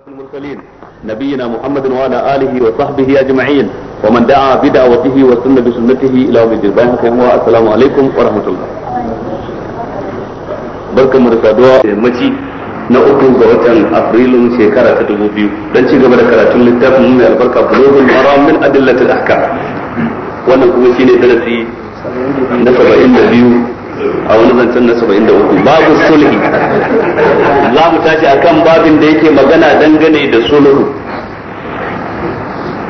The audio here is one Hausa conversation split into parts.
أشرف المرسلين نبينا محمد وعلى آله وصحبه أجمعين ومن دعا بدعوته وسن بسنته إلى يوم الدين السلام عليكم ورحمة الله barkan mu da saduwa yammaci na uku ga watan afrilun shekara ta dubu biyu don ci gaba da karatun littafin mai albarka bulogul maram min adillatul ahkam wannan kuma shine darasi na saba'in da biyu a wani zancen na saba'in da uku babu sulhi za mu tashi kan babin da yake magana dangane da sulhu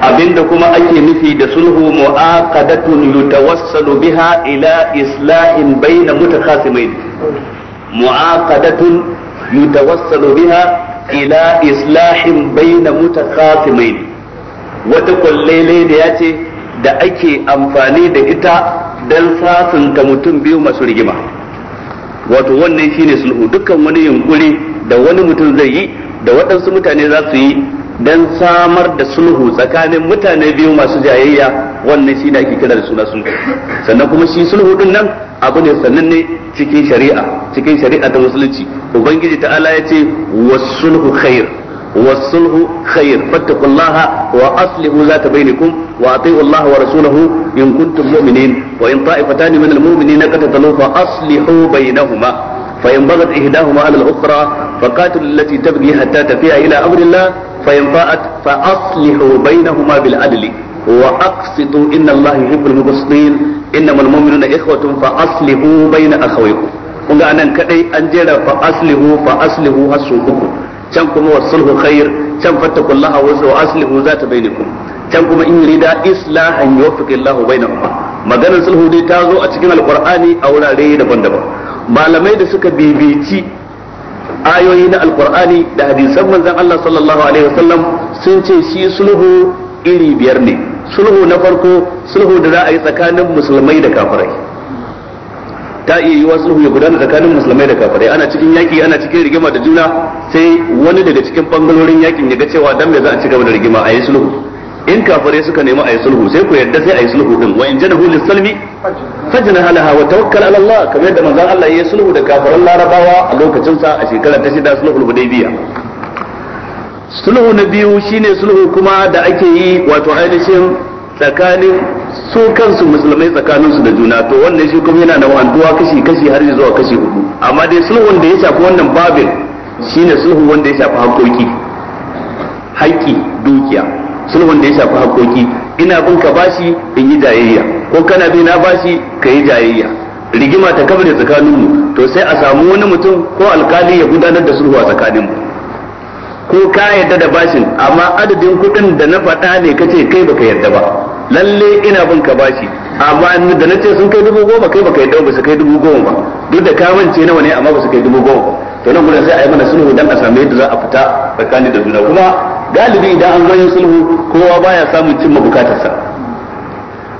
abinda kuma ake nufi da sulhu mu'aqadatun yutawassalu biha ila islahin bayna mutakhasimain mu'aqadatun yutawassalu biha ila islahin bayna mutakhasimain wata kullele da yace da ake amfani da ita dan ta mutum biyu masu rigima wato wannan shine sulhu dukkan wani yunkuri da wani mutum zai yi da waɗansu mutane za su yi dan samar da sulhu tsakanin mutane biyu masu jayayya wannan shi ake kira da suna sulhu sannan kuma shi sulhu din nan abu ne sannan ne cikin shari'a cikin shari'a ta musulunci ubangiji ta'ala ya ce wasulhu sulhu khair والصلح خير فاتقوا الله وأصلحوا ذات بينكم وأطيعوا الله ورسوله إن كنتم مؤمنين وإن طائفتان من المؤمنين قتتلوا فأصلحوا بينهما فإن بغت إهداهما على الأخرى فقاتل التي تبغي حتى تفيء إلى أمر الله فإن فاءت فأصلحوا بينهما بالعدل وأقسطوا إن الله يحب المقسطين إنما المؤمنون إخوة فأصلحوا بين أخويكم kun ga anan kadai an jera fa aslihu fa aslihu hasu uku can kuma wasulhu khair can fattakullaha wa aslihu zata bainakum can kuma in rida islahan yuwaffiqillahu bainahuma maganar sulhu dai ta zo a cikin alqur'ani a wurare daban-daban malamai da suka bibici ayoyi na alqur'ani da hadisan manzon Allah sallallahu alaihi wasallam sun ce shi sulhu iri biyar ne sulhu na farko sulhu da za a yi tsakanin musulmai da kafirai ta iya yiwa sulhu ya gudana tsakanin musulmai da kafirai ana cikin yaki ana cikin rigima da juna sai wani daga cikin bangarorin yakin ya ga cewa dan me za a ci gaba da rigima a yi sulhu in kafirai suka nemi a yi sulhu sai ku yarda sai a yi sulhu din wa in janahu lis-salmi fajna halaha wa tawakkal ala Allah kamar yadda manzon Allah ya yi sulhu da kafiran Larabawa a lokacin sa a shekara ta shida sulhul Hudaybiya sulhu na biyu shine sulhu kuma da ake yi wato ainihin tsakanin su kansu musulmai tsakaninsu da juna to wannan shi kuma yana da wanduwa kashi kashi har zuwa kashi hudu amma dai sulhun da ya shafi wannan babin shine sulhun wanda ya shafi haƙoƙi haƙƙi dukiya sulhun da ya shafi haƙoƙi ina bin ka bashi in yi jayayya ko kana bi na bashi ka yi jayayya rigima ta kafa da tsakaninmu to sai a samu wani mutum ko alkali ya gudanar da sulhu a tsakaninmu ko ka yarda da bashin amma adadin kuɗin da na faɗa ne kace kai baka yarda ba lalle ina bin ka bashi amma da na ce sun kai dubu goma kai baka yadda ba su kai dubu goma ba duk da kamance nawa ne amma ba su kai dubu goma ba to nan gudan sai a yi mana sulhu dan a samu yadda za a fita tsakanin da juna kuma galibi idan an zo sulhu kowa baya samun cimma bukatarsa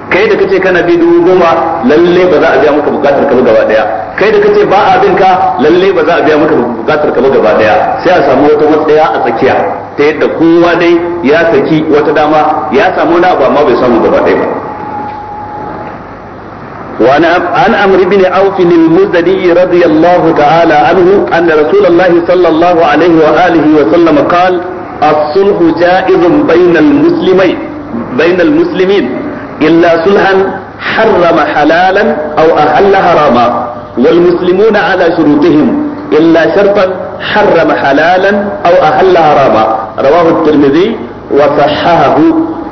kai da kace kana bi dubu goma lalle ba za a biya maka bukatar ka gaba daya kai da kace ba a bin ka lalle ba za a biya maka bukatar ka gaba daya sai a samu wata matsaya a tsakiya ta yadda kowa dai ya saki wata dama ya samu na abu amma bai samu gaba ɗaya ba وعن عن عمرو بن عوف المزني رضي الله تعالى عنه ان رسول الله صلى الله عليه واله وسلم قال: الصلح جائز بين المسلمين بين المسلمين الا صلحا حرم حلالا او احل حراما والمسلمون على شروطهم إلا شرطا حرم حلالا أو أحل حراما رواه الترمذي وصححه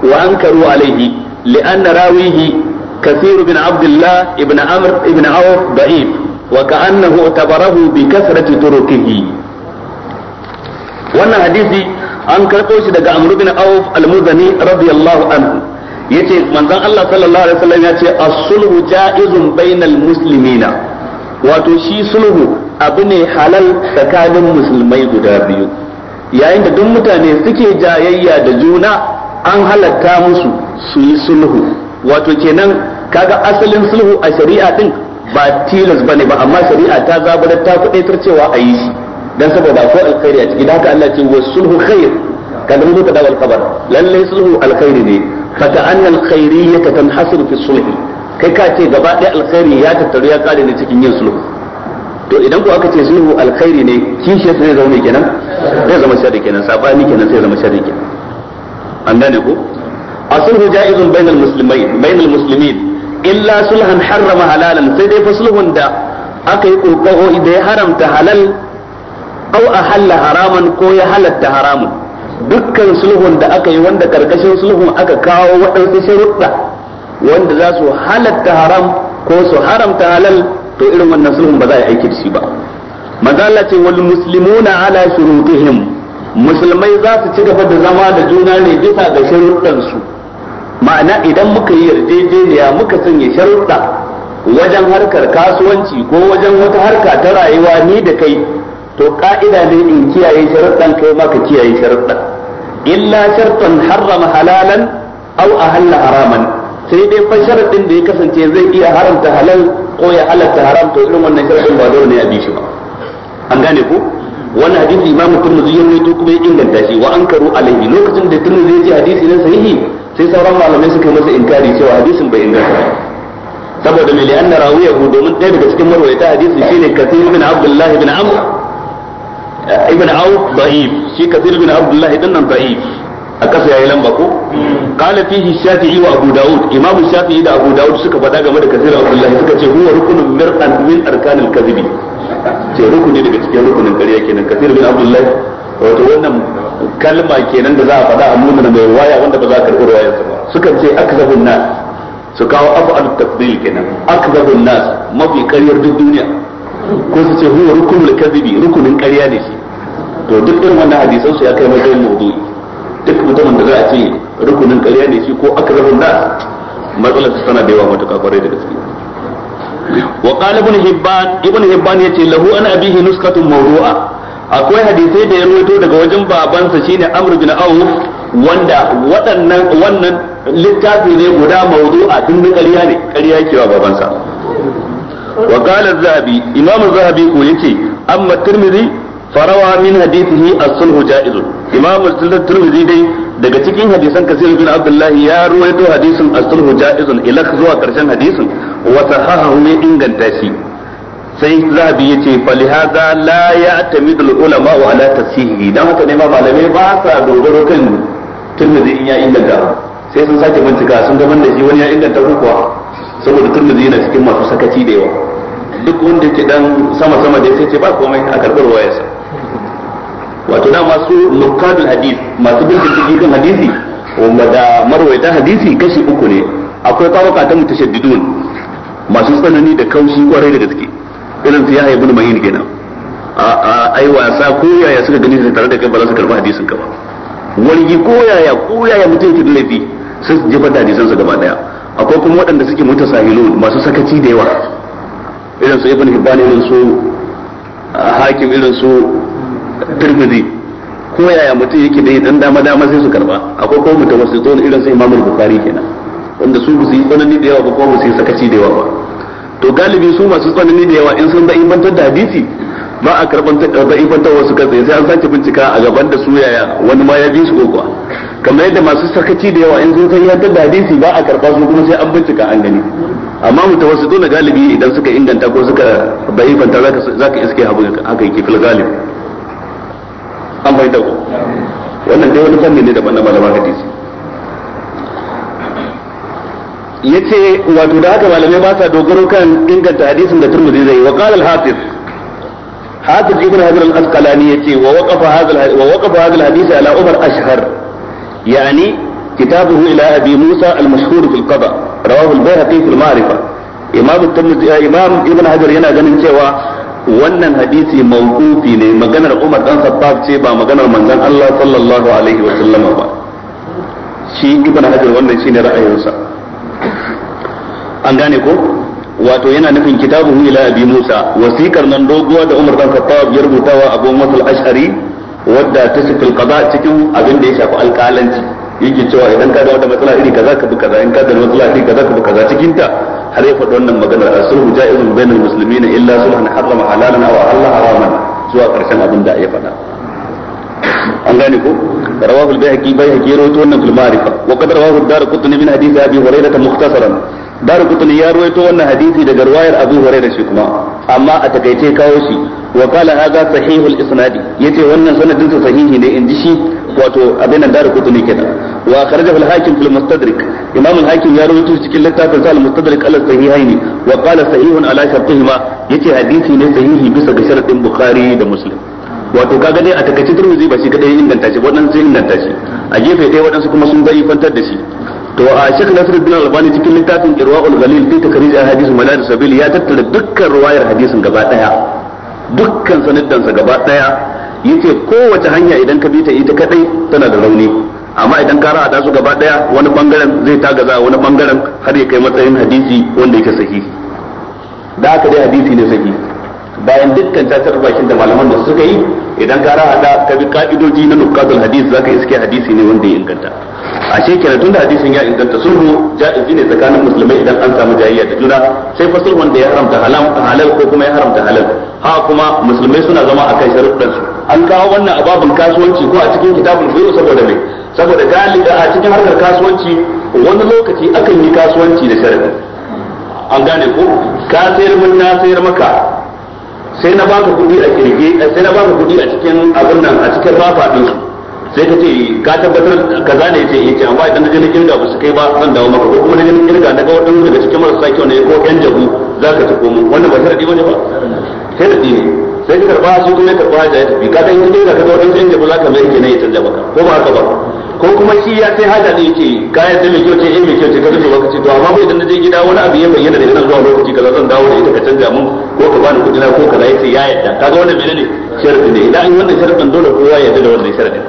وأنكروا عليه لأن راويه كثير بن عبد الله ابن عمرو ابن عوف ضعيف وكأنه اعتبره بكثرة تركه wannan hadisi an karɓo shi daga amru bin auf al-muzani radiyallahu anhu yace manzon Allah sallallahu alaihi wasallam yace as-sulhu ja'izun bainal muslimina wato shi sulhu abu ne halal tsakanin musulmai guda biyu yayin da duk mutane suke jayayya da juna an halatta musu su yi sulhu wato kenan kaga asalin sulhu a shari'a din ba tilas bane ba amma shari'a ta zaburar ta kudaitar cewa a yi shi dan saboda ko alkhairi a ciki da haka Allah ce wa sulhu khair kada mu ta dawal kabar lalle sulhu alkhairi ne fa ta anna khairiyyata tanhasiru fi sulhi kai ka ce gaba ɗaya alkhairi ya tattaru ya kare ne cikin yin sulhu to idan ku aka ce sulhu alkhairi ne kishi sai zama mai kenan zai zama sharri kenan sabani kenan sai zama sharri kenan an gane ku asulhu ja'izun bainal muslimin bainal muslimin illa sulhan harrama halalan sai dai fa sulhun da aka yi kokaro idan ya haramta halal aw ahalla haraman ko ya halatta haramun dukkan sulhun da aka yi wanda karkashin sulhun aka kawo waɗansu sharuɗa wanda za su halatta haram ko su haramta halal to irin wannan sulhun ba za a yi aiki da shi ba manzo ce wal muslimuna ala shurutihim musulmai za su ci gaba da zama da juna ne bisa ga sharuɗan su ma'ana idan muka yi yarjejeniya muka sanya sharuɗa wajen harkar kasuwanci ko wajen wata harka ta rayuwa ni da kai to ka'ida ne in kiyaye sharuɗan kai ma ka kiyaye sharuɗan illa shartan harrama halalan aw ahalla haraman sai dai kwan sharaɗin da ya kasance zai iya haramta halal ko ya halatta haram to irin wannan sharaɗin ba dole ne a bi shi ba an gane ko wannan hadisi imamu turmuzi ya rawaito kuma ya inganta shi wa ankaru alaihi lokacin da turmuzi ya ce hadisi ne sahihi sai sauran malamai suka yi masa inkari cewa hadisin bai inganta saboda mai li'anna rawiyahu domin ɗaya daga cikin marwayata hadisi shine kathir bin abdullahi bin amr eh, ibn auf da'if shi kathir bin abdullahi dinnan da'if a ƙasa yayi lamba ko qala fihi shafi'i wa abu daud imamu shafi'i da abu daud suka faɗa game da kasir abdullahi suka ce huwa rukunun mir'an min arkanil kadhibi ce rukuni daga cikin rukunin ƙarya kenan kasir bin abdullahi wato wannan kalma kenan da za a faɗa a nuna mai waya wanda ba za a karɓi ruwayarsa ba Suka ce akzabun nas su kawo af'al tafdil kenan akzabun nas mafi ƙaryar duk duniya ko su ce huwa rukunul kadhibi rukunin ƙarya ne shi to duk irin wannan hadisan su ya kai mai matsayin mawdu'i duk mutumin da za a ce rukunin ƙarya ne shi ko akrabun nas matsalar ta tana da yawa matuƙa kwarai da gaske wa qala ibn hibban ibn hibban yace lahu an abihi nuskatun mawdu'a akwai hadisai da ya ruwaito daga wajen babansa shine amr bin auf wanda waɗannan wannan littafi ne guda mawdu'a din da ƙarya ne ƙarya yake wa babansa wa qala zahabi imam zahabi ko yace amma tirmidhi farawa min حديثه الصلح جائز امام imam al dai daga cikin hadisan kasir bin abdullah ya ruwaito hadisin asul sulhu ja'izun ila zuwa karshen hadisin wa sahahu ne inganta shi sai zabi yace fa lihaza la ya'tamidu al-ulama wa ala tasihihi dan haka ne ma malamai ba sa dogaro kan turmizi in ya inganta sai sun sake bincika sun ga da shi wani ya inganta ko kuwa saboda turmizi yana cikin masu sakaci da yawa duk wanda ke dan sama sama da sai ce ba komai a karbar wayarsa wato da masu nukadul hadis masu bincike cikin hadisi wanda da marwaita hadisi kashi uku ne akwai tabaka ta mutashaddidun masu tsanani da kaushi kwarai da gaske irin su yahya ibn mahin kenan a ai wasa ko yaya suka gani su tare da kai ba za su karba hadisin ka ba walgi ko yaya ko yaya mutum yake da laifi sai su jefar da su gaba daya akwai kuma waɗanda suke mutasahilun masu sakaci da yawa irin su ibn hibban irin su hakim irin su tirmidhi ko yaya mutum yake da dan dama dama sai su karba akwai ko mutum wasu zo irin sai imamul bukhari kenan wanda su su yi tsanani da yawa ba ko su yi sakaci da yawa ba to galibi su masu tsanani da yawa in sun da imantar da hadisi ba a karban da imantar wasu kai sai an sake bincika a gaban da su yaya wani ma ya bi su ko kamar yadda masu sakaci da yawa in sun san yadda da hadisi ba a karba su kuma sai an bincika an gani amma mutawassiduna galibi idan suka inganta ko suka zaka zaka iske haka yake fil galibi an bai dago wannan dai wani fanni ne daban na malaman hadisi yace wato da haka malamai ba sa dogaro kan inganta hadisin da turmuzi zai wa qala al-hafiz hafiz ibn hajar al-asqalani yace wa waqafa hadha wa waqafa hadha al-hadith ala umar ashhar yani كتابه إلى أبي موسى المشهور في القضاء رواه البيهقي في المعرفة إمام الترمذي إمام ابن حجر yana ganin cewa wannan hadisi mawqufi ne maganar Umar dan Khattab ce ba maganar manzon Allah sallallahu alaihi wa sallam ba shi ibn Hajar wannan shine ra'ayinsa an gane ko wato yana nufin kitabu ila abi Musa wasikar nan doguwa da Umar dan Khattab ya rubutawa Abu Musa al-Ash'ari wadda ta sifil qada cikin abin da ya shafi alƙalanci yake cewa idan ka ga wata matsala iri kaza ka bi kaza in ka ga matsala iri kaza ka bi kaza cikin ta har ya faɗi wannan maganar as-sulhu jaizun bainal muslimin illa sulhan harrama halalan aw halala haraman zuwa karshen abin da ya faɗa an gane ko rawahu al-bayhaqi bayhaqi rawato wannan fil ma'rifa wa qad rawahu ad-darqutni min hadith abi hurairah mukhtasaran daru kutuni ya ruwaito wannan hadisi daga ruwayar abu hurairah shi kuma amma a takaice kawo shi wa qala hadha sahihul isnadi yace wannan sanadin sa sahihi ne inji shi wato abin nan daru kutuni kenan wa kharajahu al-hakim fil mustadrik imam al-hakim ya ruwaito cikin littafin sa al al-sahihaini wa qala sahihun ala shartihima yace hadisi ne sahihi bisa ga sharadin bukhari da muslim wato kaga dai a takaice turmizi ba shi kadai inganta shi waɗansu inganta shi a gefe ɗaya waɗansu kuma sun zai fantar da shi to a Sheikh Nasiruddin Albani cikin littafin Irwaul Ghalil fi takrij ahadith malad sabil ya tattara dukkan ruwayar hadisin gaba daya dukkan sanaddan sa gaba daya yace kowace hanya idan ka bi ta ita kadai tana da rauni amma idan ka ra'ada su gaba daya wani bangaren zai tagaza wani bangaren har ya kai matsayin hadisi wanda yake sahihi da aka dai hadisi ne sahihi bayan dukkan tatar bakin da malaman da suka yi idan ka ra'ada ka bi ka'idoji na nukadul hadis zaka iske hadisi ne wanda ya inganta ashe kenan tunda hadisin ya inganta sulhu ja'izi ne tsakanin musulmai idan an samu jayayya da juna sai fa sulhun da ya haramta halal ko kuma ya haramta halal ha kuma musulmai suna zama akan sharuɗan su an kawo wannan a babin kasuwanci ko a cikin kitabul fiqh saboda me saboda galiba a cikin harkar kasuwanci wani lokaci akan yi kasuwanci da sharadi an gane ko ka sayar mun na sayar maka sai na baka kudi a kirge eh, sai na baka kudi a cikin abin nan a cikin rafa din su sai ka ce ka tabbatar kaza ne eh, ce yace amma idan na je na kirga ba su kai ba zan dawo maka ko kuma na je na kirga na ga wadansu daga cikin marasa kyau ne ko yan jabu za ka ci komo wannan ba sharadi bane ba sharadi ne sai karba su kuma karba ya tafi ka kai yin da kaga wani canja ba za ka mai kenan ya canja maka ko ba haka ba ko kuma shi ya sai haja da yake kaya da mai kyau ce eh mai kyau ce ka rufe lokaci to amma bai dan je gida wani abu ya bayyana da ina zuwa lokaci ka zan dawo da ita ka canja mun ko ka bani kudi na ko kaza sai ya yadda kaga wannan menene sharadi ne idan an yi wannan sharadin dole kowa ya yarda da wannan sharadin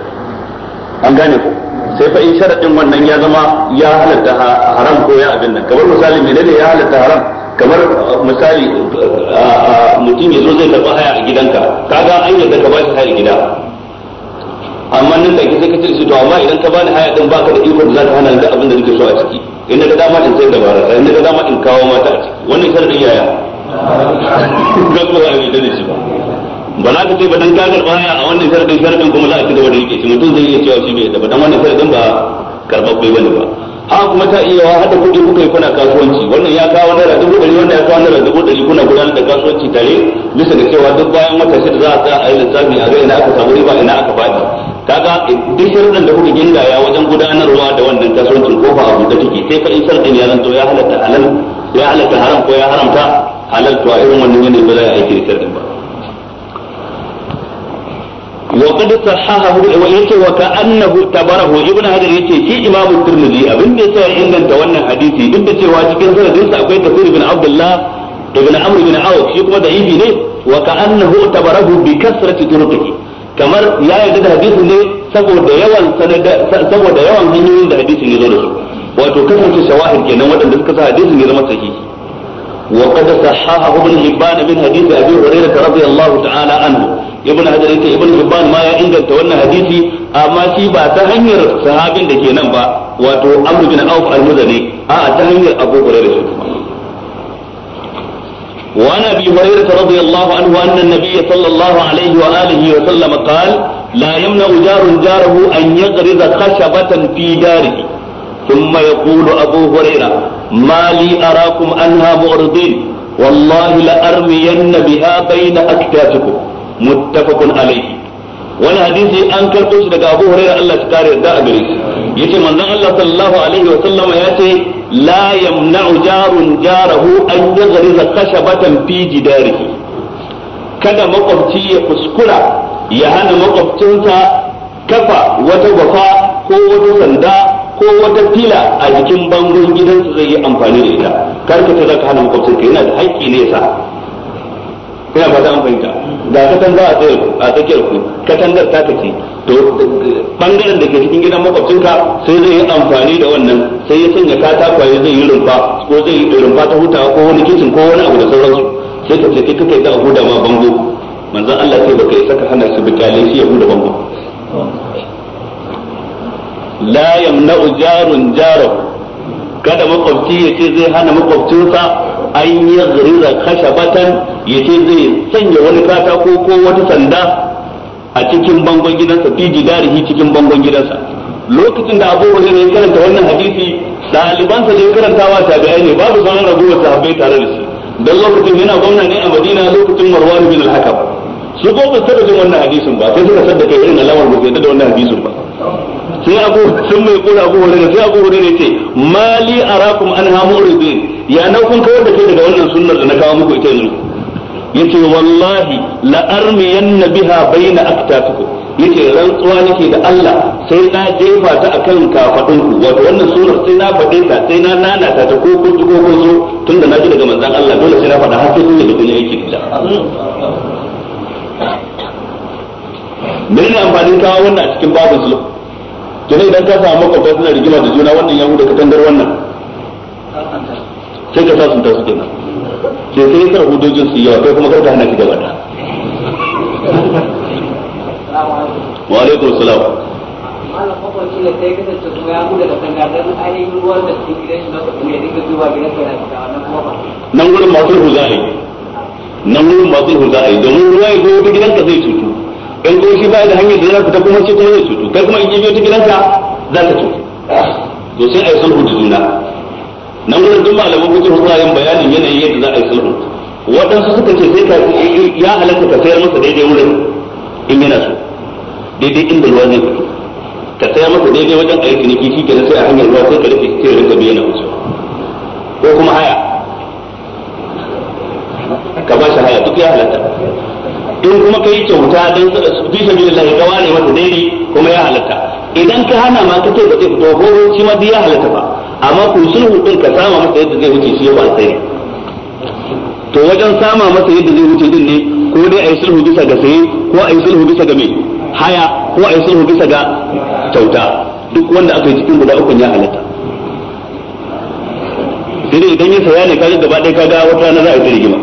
an gane ko sai fa in sharadin wannan ya zama ya halatta haram ko ya abin nan kamar misali menene ya halatta haram kamar uh, misali uh, uh, mutum ya zo zai tafi haya a gidanka ka ga an yadda ka bashi haya gida amma nan da sai ka ce shi to amma idan ka bani haya din baka da iko da zaka hana da abin da nake so a ciki inda ka dama in sayar da sai inda ka dama in kawo mata a ciki wannan sharadin yaya ga ko ai da shi ba ba za ka ce ba dan ka karba haya a wannan sharadin sharadin kuma za a ci gaba da rike shi mutum zai iya cewa shi bai da ba dan wannan sharadin ba karba bai bane ba haka kuma ta iya hada kudi kuka yi kuna kasuwanci wannan ya kawo naira dubu ɗari wannan ya kawo naira dubu ɗari kuna gudanar da kasuwanci tare bisa da cewa duk bayan wata shida za a tsaya a yi lissafi a ga ina aka samu riba ina aka fadi kaga duk shirin da kuka gindaya wajen gudanarwa da wannan kasuwancin ko ba abu da take sai fa in da ya zanto ya halatta halal ya halatta haram ko ya haramta halal to a irin wannan yanayi ba za a aiki da ba wa qad sahahahu wa yake wa ka'annahu tabarahu ibn hajar yace shi imamu tirmidhi abin da yasa ya inganta wannan hadisi duk da cewa cikin sanadin sa akwai tafsir ibn abdullah ibn amr ibn awf shi kuma da ibi ne wa ka'annahu tabarahu bi kamar ya yarda da hadisin ne saboda yawan saboda yawan hanyoyin da hadisin ya zo da su wato kasance shawahid kenan waɗanda suka sa hadisin ya zama sahihi وقد صححه ابن حبان من حديث ابي هريره رضي الله تعالى عنه ibn hajar ibn hibban ma ya inganta wannan hadisi amma shi ba ta hanyar sahabin da ke nan ba wato amr bin auf al-muzani a ta hanyar abu hurairah shi wa an abi hurairah radiyallahu anhu anna an-nabiy sallallahu alaihi wa alihi wa sallam qala la yamna'u jarun jarahu an abu ما لي أراكم عنها معرضين والله لأرمين بها بين أكتافكم متفق عليه wani hadisi an karɓo shi daga Abu Hurairah Allah ya kare da a gare shi yace manzon Allah sallallahu alaihi wa sallama yace la yamna'u jarun jarahu an yaghriza khashabatan fi jidarihi kada makwabci ya kuskura ya hana makwabcinsa kafa wata gwafa ko wata sanda ko wata fila a jikin bangon gidansu zai yi amfani da ita kar ka ce ka hana makwabcin ka yana da haƙƙi ne sa ina fata an fahimta ga katanga a tsakiyar ku katangar ta kace to bangaren da ke cikin gidan makwabcinka sai zai yi amfani da wannan sai ya sanya katakwaye zai yi rumfa ko zai yi rumfa ta hutawa ko wani kicin ko wani abu da sauransu sai ka ce kai kake da huda ma bango manzon Allah sai baka isa ka hana su bi shi ya huda bango la yamna'u jarun jarahu kada makwabci ya ce zai hana makwabcinsa an yi zurira kashabatan ya ce zai sanya wani katako ko wata sanda a cikin bangon gidansa fi jidarihi cikin bangon gidansa lokacin da abu wani ya karanta wannan hadisi ɗalibansa da ya karantawa tabi'ai ne babu sauran ragowar sahabbai tare da shi don lokacin yana gwamna ne a madina lokacin marwan bin al-hakam su gobe ba su jin wannan hadisin ba sai suka saddaka irin alamar ba su da wannan hadisin ba sai abu sun mai kula abu hore sai abu hore ne ce mali arakum an ha muridin ya na kun kawar da kai daga wannan sunnar da na kawo muku ita yanzu yace wallahi la armiyanna biha baina aktatikum yace rantsuwa nake da Allah sai na jefa ta akan ku wato wannan sunnar sai na faɗe ta sai na nanata ta ko kun ko kun zo tunda na ji daga manzon Allah dole sai na faɗa har sai kun da kun kida mene ne amfanin kawo wannan a cikin babin sulhu kenan idan ka samu makwabta suna rigima da juna wannan ya huda katangar wannan sai ka sa sun tasu kenan sai sai sa hudojin su yawa kai kuma kar ka hana shi gaba ta wa alaikum salam da kasance ya huda ainihin ruwan da su gidan shi gidan da nan gurin masu huzari nan gurin masu huzari domin ruwa ya zo gidanka zai cutu in ko shi ba da hanyar da zai fita kuma ce kuma zai cutu kai kuma in kibiyo ta gidanka za ka cutu to sai a yi sulhu da juna nan gudun duk malaman fiqh suna yin bayanin yanayin yadda za a yi sulhu waɗansu suka ce sai ka ya halatta ka sayar masa daidai wurin in yana so daidai inda ruwa zai fito ka saya masa daidai wajen yi ciniki shi kenan sai a hanyar ruwa sai ka rufe sai rinka biya na wuce ko kuma haya ka ba shi haya duk ya halatta in kuma ka yi kyauta don fi sabilillahi gawa ne masa daidai kuma ya halatta idan ka hana ma ka ce ba zai fito ko shi ma ya halatta ba amma ku sulhu din ka sama masa yadda zai wuce shi ya ba sai to wajen sama masa yadda zai wuce din ne ko dai ayi sulhu bisa ga saye ko ayi sulhu bisa ga mai haya ko ayi sulhu bisa ga kyauta duk wanda aka yi cikin guda uku ya halatta sai dai idan ya saya ne kaji gaba ɗaya kaga wata rana za a yi ta rigima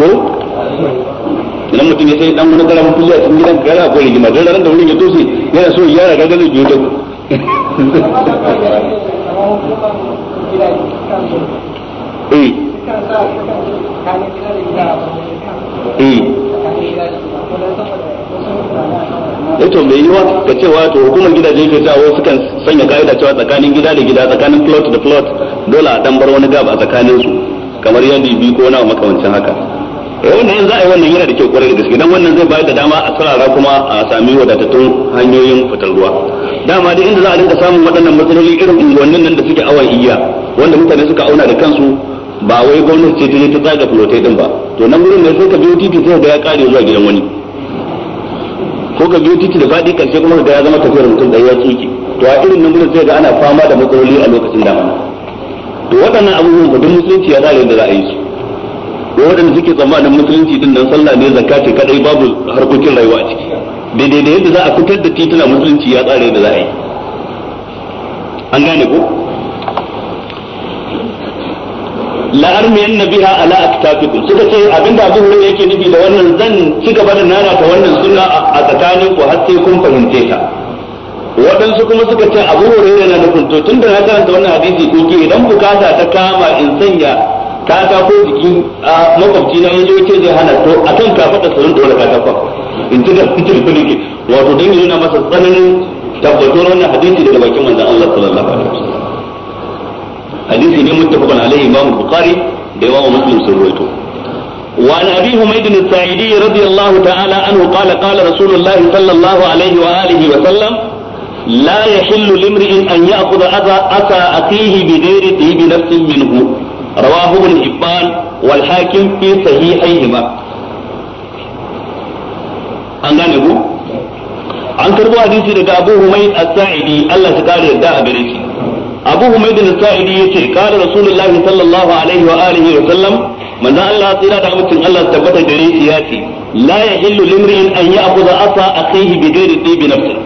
ko idan mutum ya sai dan wani garamin fili a cikin gidan gara akwai rigima don ranar da wurin ya tosi yana so yara ga da eh ya eh. eh, to yi wa ka ce to hukumar gidaje ke sa wasu kan sanya ka'ida cewa tsakanin gida da gida tsakanin plot da plot dole a dambar bar wani gab a tsakanin su kamar yadda biyu ko na makamancin haka eh yanzu za a yi wannan yana da kyau kwarai da gaske dan wannan zai bayar da dama a sarara kuma a sami wadatattun hanyoyin fitar ruwa dama dai inda za a dinga samun waɗannan matsaloli irin unguwannin nan da suke awan iya wanda mutane suka auna da kansu ba wai gwamnati ce ta je ta tsaga fulotai din ba to nan gurin ne sai ka biyo titi sai da ya kare zuwa gidan wani ko ka biyo titi da faɗi karshe kuma ga ya zama tafiyar mutum da ya tsuke to a irin nan gurin sai ga ana fama da matsaloli a lokacin damana to waɗannan abubuwan ba duk musulunci ya zare da za a yi su wai waɗanda suke tsammanin musulunci din nan sallah ne zakka ce kadai babu harkokin rayuwa a ciki daidai da yadda za a fitar da tituna musulunci ya tsare da za a yi an gane ko la'armiyan nabiha ala aktafikum suka ce abinda abin da yake nufi da wannan zan ci gaba da nana ta wannan sunna a tsakanin ku har sai kun fahimce ta waɗansu kuma suka ce abu hurairah yana nufin to da na karanta wannan hadisi ko ke idan bukata ta kama in sanya katako jikin makwabci na yanzu ce zai hana to a kan kafaɗa sanin dole katakon in ji da fitil kulike wato don yi nuna masa tsananin tabbatar wannan hadisi daga bakin manzon Allah sallallahu alaihi wasallam hadisi ne muttafaqun alaihi imam bukhari da imam muslim sun rawaito وعن ابي حميد الساعدي رضي الله تعالى عنه قال قال رسول الله صلى الله عليه واله وسلم لا يحل لامرئ ان ياخذ اذى اخيه بغير طيب نفس منه rawahu ibn hibban wal hakim fi sahihaihima an gane ku an karbo hadisi daga Abu Humayd as-Sa'idi Allah ta kare yadda a gare shi Abu Humayd as-Sa'idi yace kare Rasulullah sallallahu alaihi wa alihi wa sallam manzo Allah tsira da mutum Allah tabbata gare ya ce. la yahillu limri'in an ya'khudha asa akhihi bighairi tibi nafsi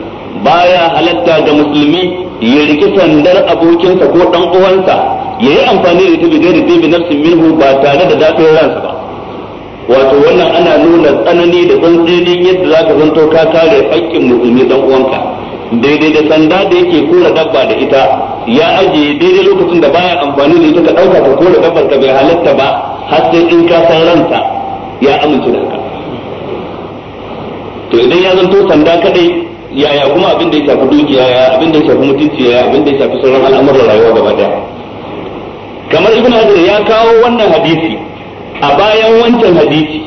baya halatta musulmi ya sandar abokinsa ko ɗan uwansa Ya yi amfani da ita bi gairi bi nafsin minhu ba tare da zafin ransa ba wato wannan ana nuna tsanani da tsantsini yadda za ka zanto ka kare haƙƙin musulmi dan uwanka daidai da sanda da yake kora dabba da ita ya ajiye daidai lokacin da baya amfani da ita ka ɗauka ka kora dabbar ka bai halatta ba har sai in ka san ranta ya amince da ka. to idan ya zanto sanda kadai yaya kuma abin da ya shafi dukiya ya abin da ya shafi mutunci ya abin da ya shafi sauran al'amuran rayuwa gaba daya kamar ibn hajar ya kawo wannan hadisi a bayan wancan hadisi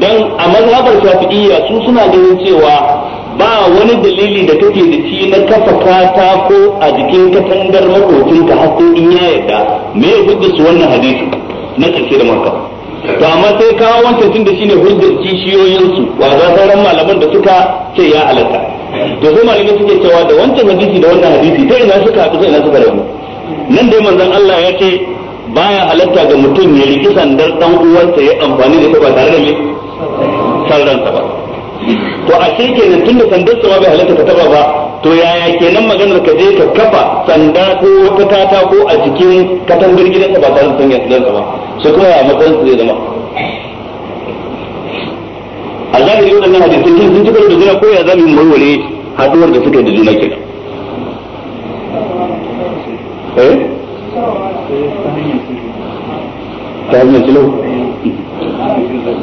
dan a mazhabar shafi'iyya su suna ganin cewa ba wani dalili da kake da shi na kafa katako a jikin katangar makocinka har sai in ya yarda me ya hujjar su wannan hadisi na kace da maka to amma sai kawo wancan tunda da shine hujjar kishiyoyin su wa za sauran malaman da suka ce ya alaka to sai malamai suke cewa da wancan hadisi da wannan hadisi ta ina suka haɗu ina suka rabu nan dai manzon Allah ya ce baya halatta ga mutum ya riki sandar dan uwansa ya amfani da ita ba tare da me sarransa ba to a shi kenan tunda sandar sa bai halatta ka taba ba to yaya kenan maganar ka je ka kafa sanda ko wata tata ko a cikin katangar gidansa ba tare da sanya sandarsa ba su kuma ya matsayin su zai zama a zahiri waɗannan hadisi sun ci karo da juna ko ya zama mai wale haɗuwar da suka da juna kenan eh ta hanyar kilo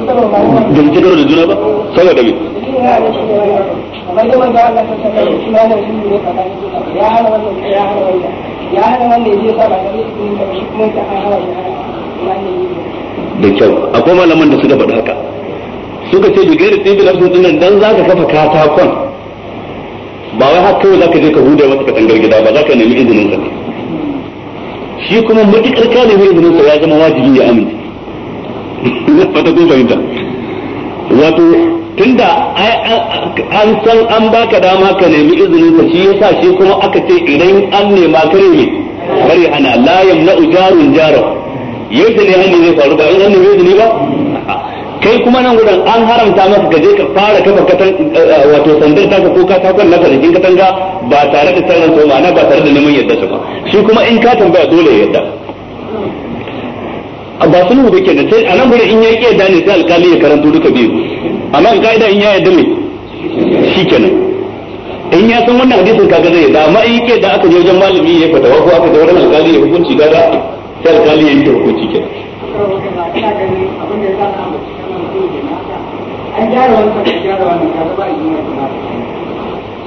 da da juna ba saboda da suka faɗi haka suka ce da gairar ɗin da sun nan dan za ka kafa katakon ba wai haka kawai za ka je ka huda wata katangar gida ba za ka nemi izinin sa ne shi kuma matukar kane mai izinin sa ya zama wajibi ya amince fata kun fahimta wato tunda an san an baka dama ka nemi izinin sa shi yasa shi kuma aka ce idan an nema kare ne bari ana la yamna'u jarun jaro yau ne hannu zai faru ba in hannu zai ba kai kuma nan gudan an haramta maka ka je ka fara kafa katan eh, eh, wato sandar taka ko ka takon na da kin katanga ba tare da sarran to ma'ana ba tare da neman yadda su ba shi kuma in ka tambaya dole yadda ba sulhu ke da sai a nan gudan in ya ki yadda ne sai alkali ya karanto duka biyu amma in ka'ida in ya yadda ne shi kenan in ya san wannan hadisin kaga zai yadda amma in ki yadda aka je wajen malami ya fata ko aka je wajen alkali ya hukunci kaga sai alkali ya yi hukunci kenan an gyara wannan an gyara wannan ya zama a yi ne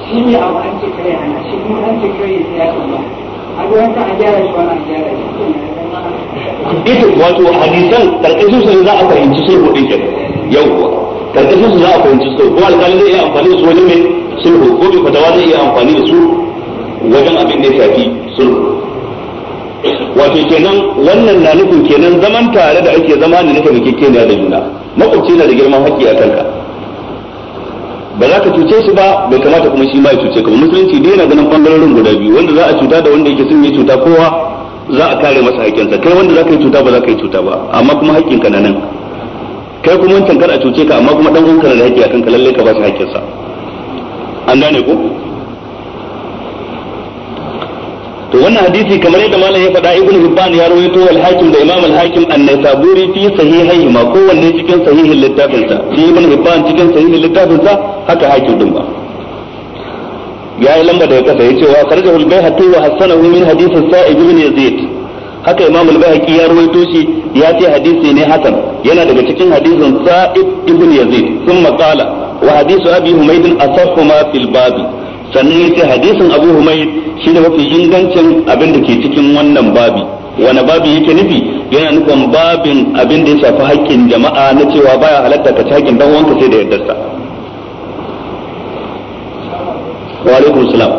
shi ne abu an ce kare ana shi kuma an ce kare ya tsaya a ga wanda an gyara shi wannan an gyara shi ita wato hadisan karkashin su za a fahimci sulhu din kenan yawwa karkashin su za a fahimci sulhu ko alƙalin zai iya amfani da su wajen mai sulhu ko bai fatawa zai iya amfani da su wajen abin da ya shafi sulhu wato kenan wannan na nufin kenan zaman tare da ake zama ne nufin kekeniya da juna makwabci na da girman haƙƙi a kanka ba za ka cuce shi ba bai kamata kuma shi ma ya cuce ka ba musulunci dai yana ganin bangarorin guda biyu wanda za a cuta da wanda yake sun yi cuta kowa za a kare masa haƙƙinsa kai wanda za ka yi cuta ba za ka yi cuta ba amma kuma haƙƙinka na nan kai kuma wancan kar a cuce ka amma kuma dan uwanka da haƙƙi a kanka lalle ka ba su haƙƙinsa an gane ko to wannan hadisi kamar yadda malam ya faɗa ibnu hibban ya rawaito wal hakim da imam al hakim an-naisaburi fi sahihaihi ma kowanne cikin sahihin littafin sa shi ibnu hibban cikin sahihin littafin sa haka hakim din ba yi lamba daga kasa ya ce wa kharajahu al-baihaqi wa hasanahu min hadith sa'id ibn yazid haka imam al-baihaqi ya rawaito shi ya ce hadisi ne hasan yana daga cikin hadisin sa'id ibn yazid thumma qala wa hadithu abi humayd asahhu ma fil babi sannan ya ce hadisin Abu humai shi da mafi ingancin abin da ke cikin wannan babi wani babi yake nufi yana nufin babin abin da ya shafi haƙƙin jama'a na cewa baya halatta ka ci haƙƙin dan wanka sai da yardarsa wa alaikum salam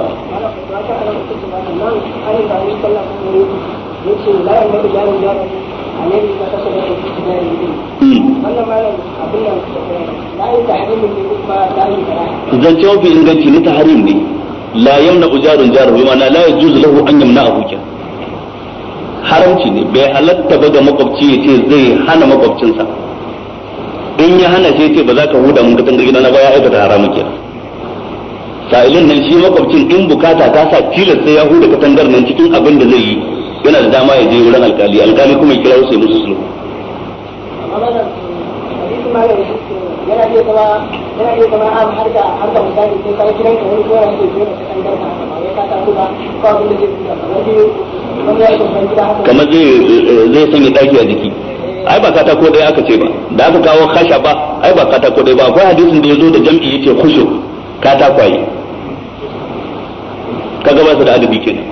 annabi ta la zan inganci ne tahrim ne la yamna ujarun jaru bi ma'ana la yajuzu lahu an yamna abuka haramci ne bai halatta ba ga makwabci ya ce zai hana makwabcinsa in ya hana sai ce ba za ka huda mun katangar gida na ba ya aikata haramun kenan sa'ilin nan shi makwabcin in bukata ta sa tilas sai ya huda katangar nan cikin abin da zai yi yana da dama ya je wurin alkali alkali kuma ya kira sai musu sulhu kamar zai sanya daki a jiki ai ba katako dai aka ce ba da aka kawo kasha ba ai ba katako dai ba akwai hadisin da ya zo da jam'i yace khushu katakwaye kaga ba su da adabi kenan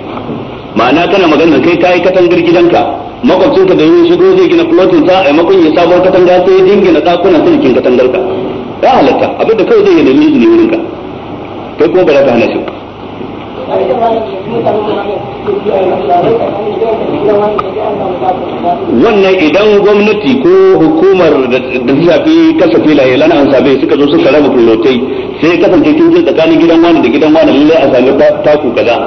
ma'ana kana magana kai kai katangar gidanka makwabcinka da yin shigo zai gina plotin ta a makon ya sabon katanga sai dinga na dakunan sa jikin katangar ka ya halatta abin da kawai zai yi da ne wurin ka kai kuma ba za ka hana shi wannan idan gwamnati ko hukumar da ta shafi kasa filaye lana an sabe suka zo suka raba fulotai sai kasance kin je tsakanin gidan wani da gidan wani lallai a sami taku kaza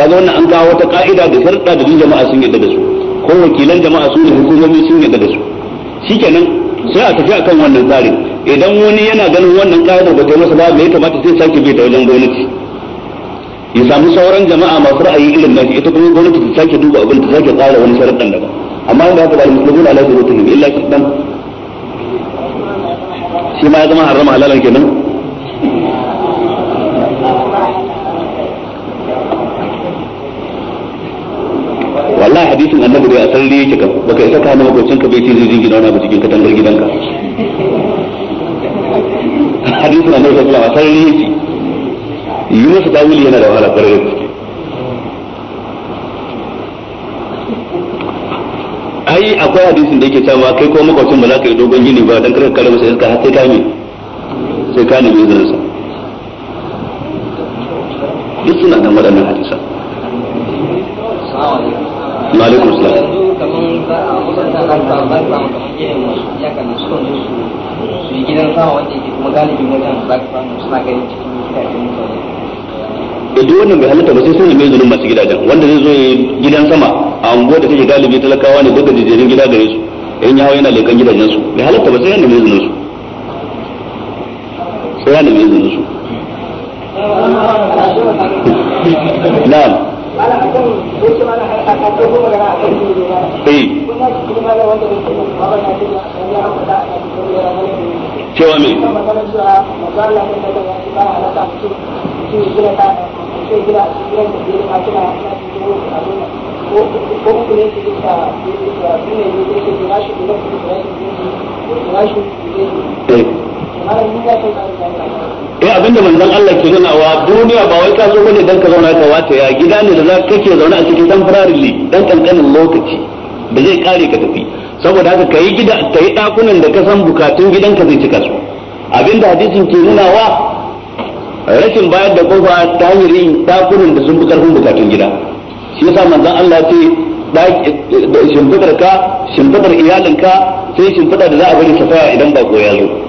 kaga wannan an kawo wata ka'ida da sharɗa da jama'a sun yadda da su ko wakilan jama'a su da hukumomi sun yadda da su shikenan sai a tafi akan wannan tsarin idan wani yana ganin wannan ka'idar ba ta masa ba me ya kamata sai sake bi ta wajen gwamnati ya samu sauran jama'a masu ra'ayi irin nan ita kuma gwamnati ta sake duba abin ta sake tsara wani sharaɗin ba amma da haka da almuslimin ala zuwa ta illa shi dan shi ma ya zama harama halalan kenan wallahi hadisin annabi da a sarri yake ka baka isa ka hana makocin ka bai ce zai jingina wani abu cikin katangar gidanka hadisin annabi da alaihi wasallam a sarri yake yi ta wuli yana da wahala kwarai da ai akwai hadisin da yake cewa kai ko makocin ba za ka yi dogon gini ba dan karka kalmar sai iska har sai ka yi sai ka nemi izinin sa duk suna nan waɗannan hadisa alaikum salam da eh, duk wannan bai halatta ba sai sun mai izinin masu gidajen wanda zai zo gidan sama a unguwar da take galibi talakawa ne da jijirin gida gare su in yawo yana leƙan gidajen su bai halatta ba sai yana mai izinin su sai yana mai izinin su na'am cewa me Eh. eh abinda manzon Allah ke nuna wa duniya ba wai ka zo bane dan ka zauna ka wata ya gida ne da za kake zauna a cikin temporarily dan kankanin lokaci da zai kare ka tafi saboda haka kai gida kai dakunan da ka san bukatun gidanka zai cika su abinda hadisin ke nuna wa rashin bayar da kofa ta hanyar yin dakunan da sun fi karfin bukatun gida shi yasa manzon Allah ce shimfidar ka shimfidar iyalinka sai shimfidar da za a bari safaya idan ba ya zo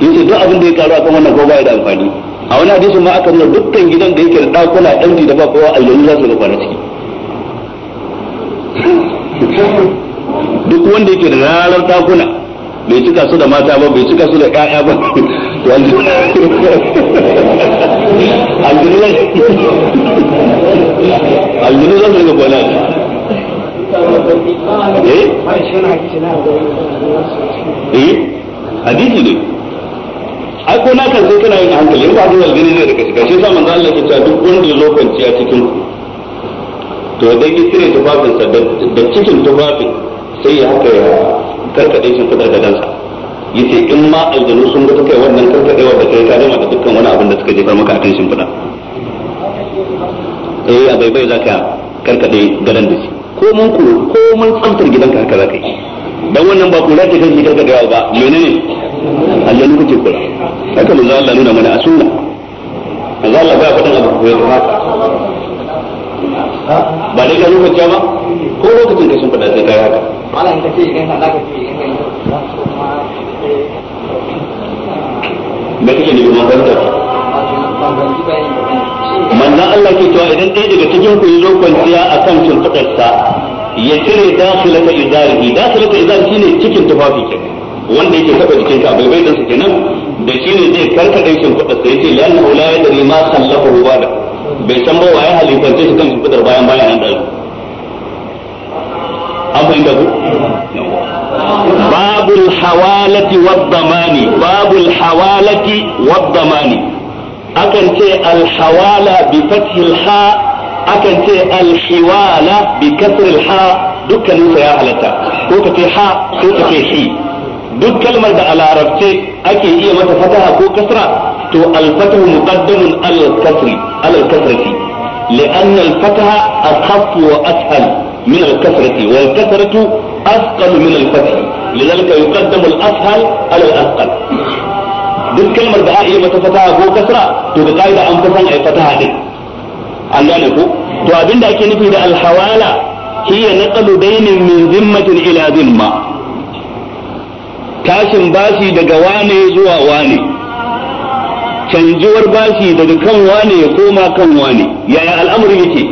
yace duk abin da ya karu akan wannan ko ba da amfani a wani hadisin ma aka nuna dukkan gidan da yake da dakuna ɗanki da ba kowa aljanu za su ga kwana ciki duk wanda yake da rarar dakuna bai cika su da mata ba bai cika su da ƴaƴa ba aljanu na kan sai kana yin hankali in ba zuwa aljini zai da kashi shi sa manzo Allah ke ce duk wanda ya zo kwanciya cikin ku to dai ya babin tufafinsa da cikin tufafin sai ya haka ya karkade shi kudar da dansa yace in ma aljanu sun ga kai wannan karkadewa da kai ka dama da dukkan wani abin da suka jefa maka akan fada eh a bai bai zaka karkade garan da shi ko mun ko ko mun tsantar gidanka haka zaka yi dan wannan ba kula da kai karkadewa ba menene aljanu kuke kula haka manzo Allah nuna mana a sunna manzo Allah ba faɗin abu ko ya haka ba dai ka lokaci ba ko lokacin da sun faɗa sai kai haka malam ka ce idan ka zaka ce idan ka eh, me kake ne ka ta manzan Allah ke cewa idan ɗaya daga cikin ku yazo kwanciya a kan shimfiɗarsa ya cire dakilata izarihi dakilata izarihi shine cikin tufafi kenan wanda yake taba jikin ka bai baidan sa kenan da shi ne zai karkade shi kudin sai yace lan haula ya dari ma sallafa da bai san ba waye halifance shi kan kudar bayan bayan nan da an fahimta ku babul hawalati wad damani babul hawalati wad damani akan ce al hawala bi fathil ha akan ce al bi kasril ha dukkanin sa ya halatta ko ka ce ha ko ka ce shi duk kalmar da a larabce ake iya mata fataha ko kasra to al-fatahu muqaddamun al-kasri al-kasrati لأن الفتح أخف وأسهل من الكسرة والكسرة أثقل من الفتح لذلك يقدم الأسهل على الأثقل duk kalmar da a iya mata fataha ko kasra to da ka'ida an fi son a yi fataha din an gane ko to abinda ake nufi da alhawala hiya naqalu daynin min zimmatin ila zimma tashin bashi daga wane zuwa wane canjuwar bashi daga kan wane ya koma kan wane yaya al'amarin yake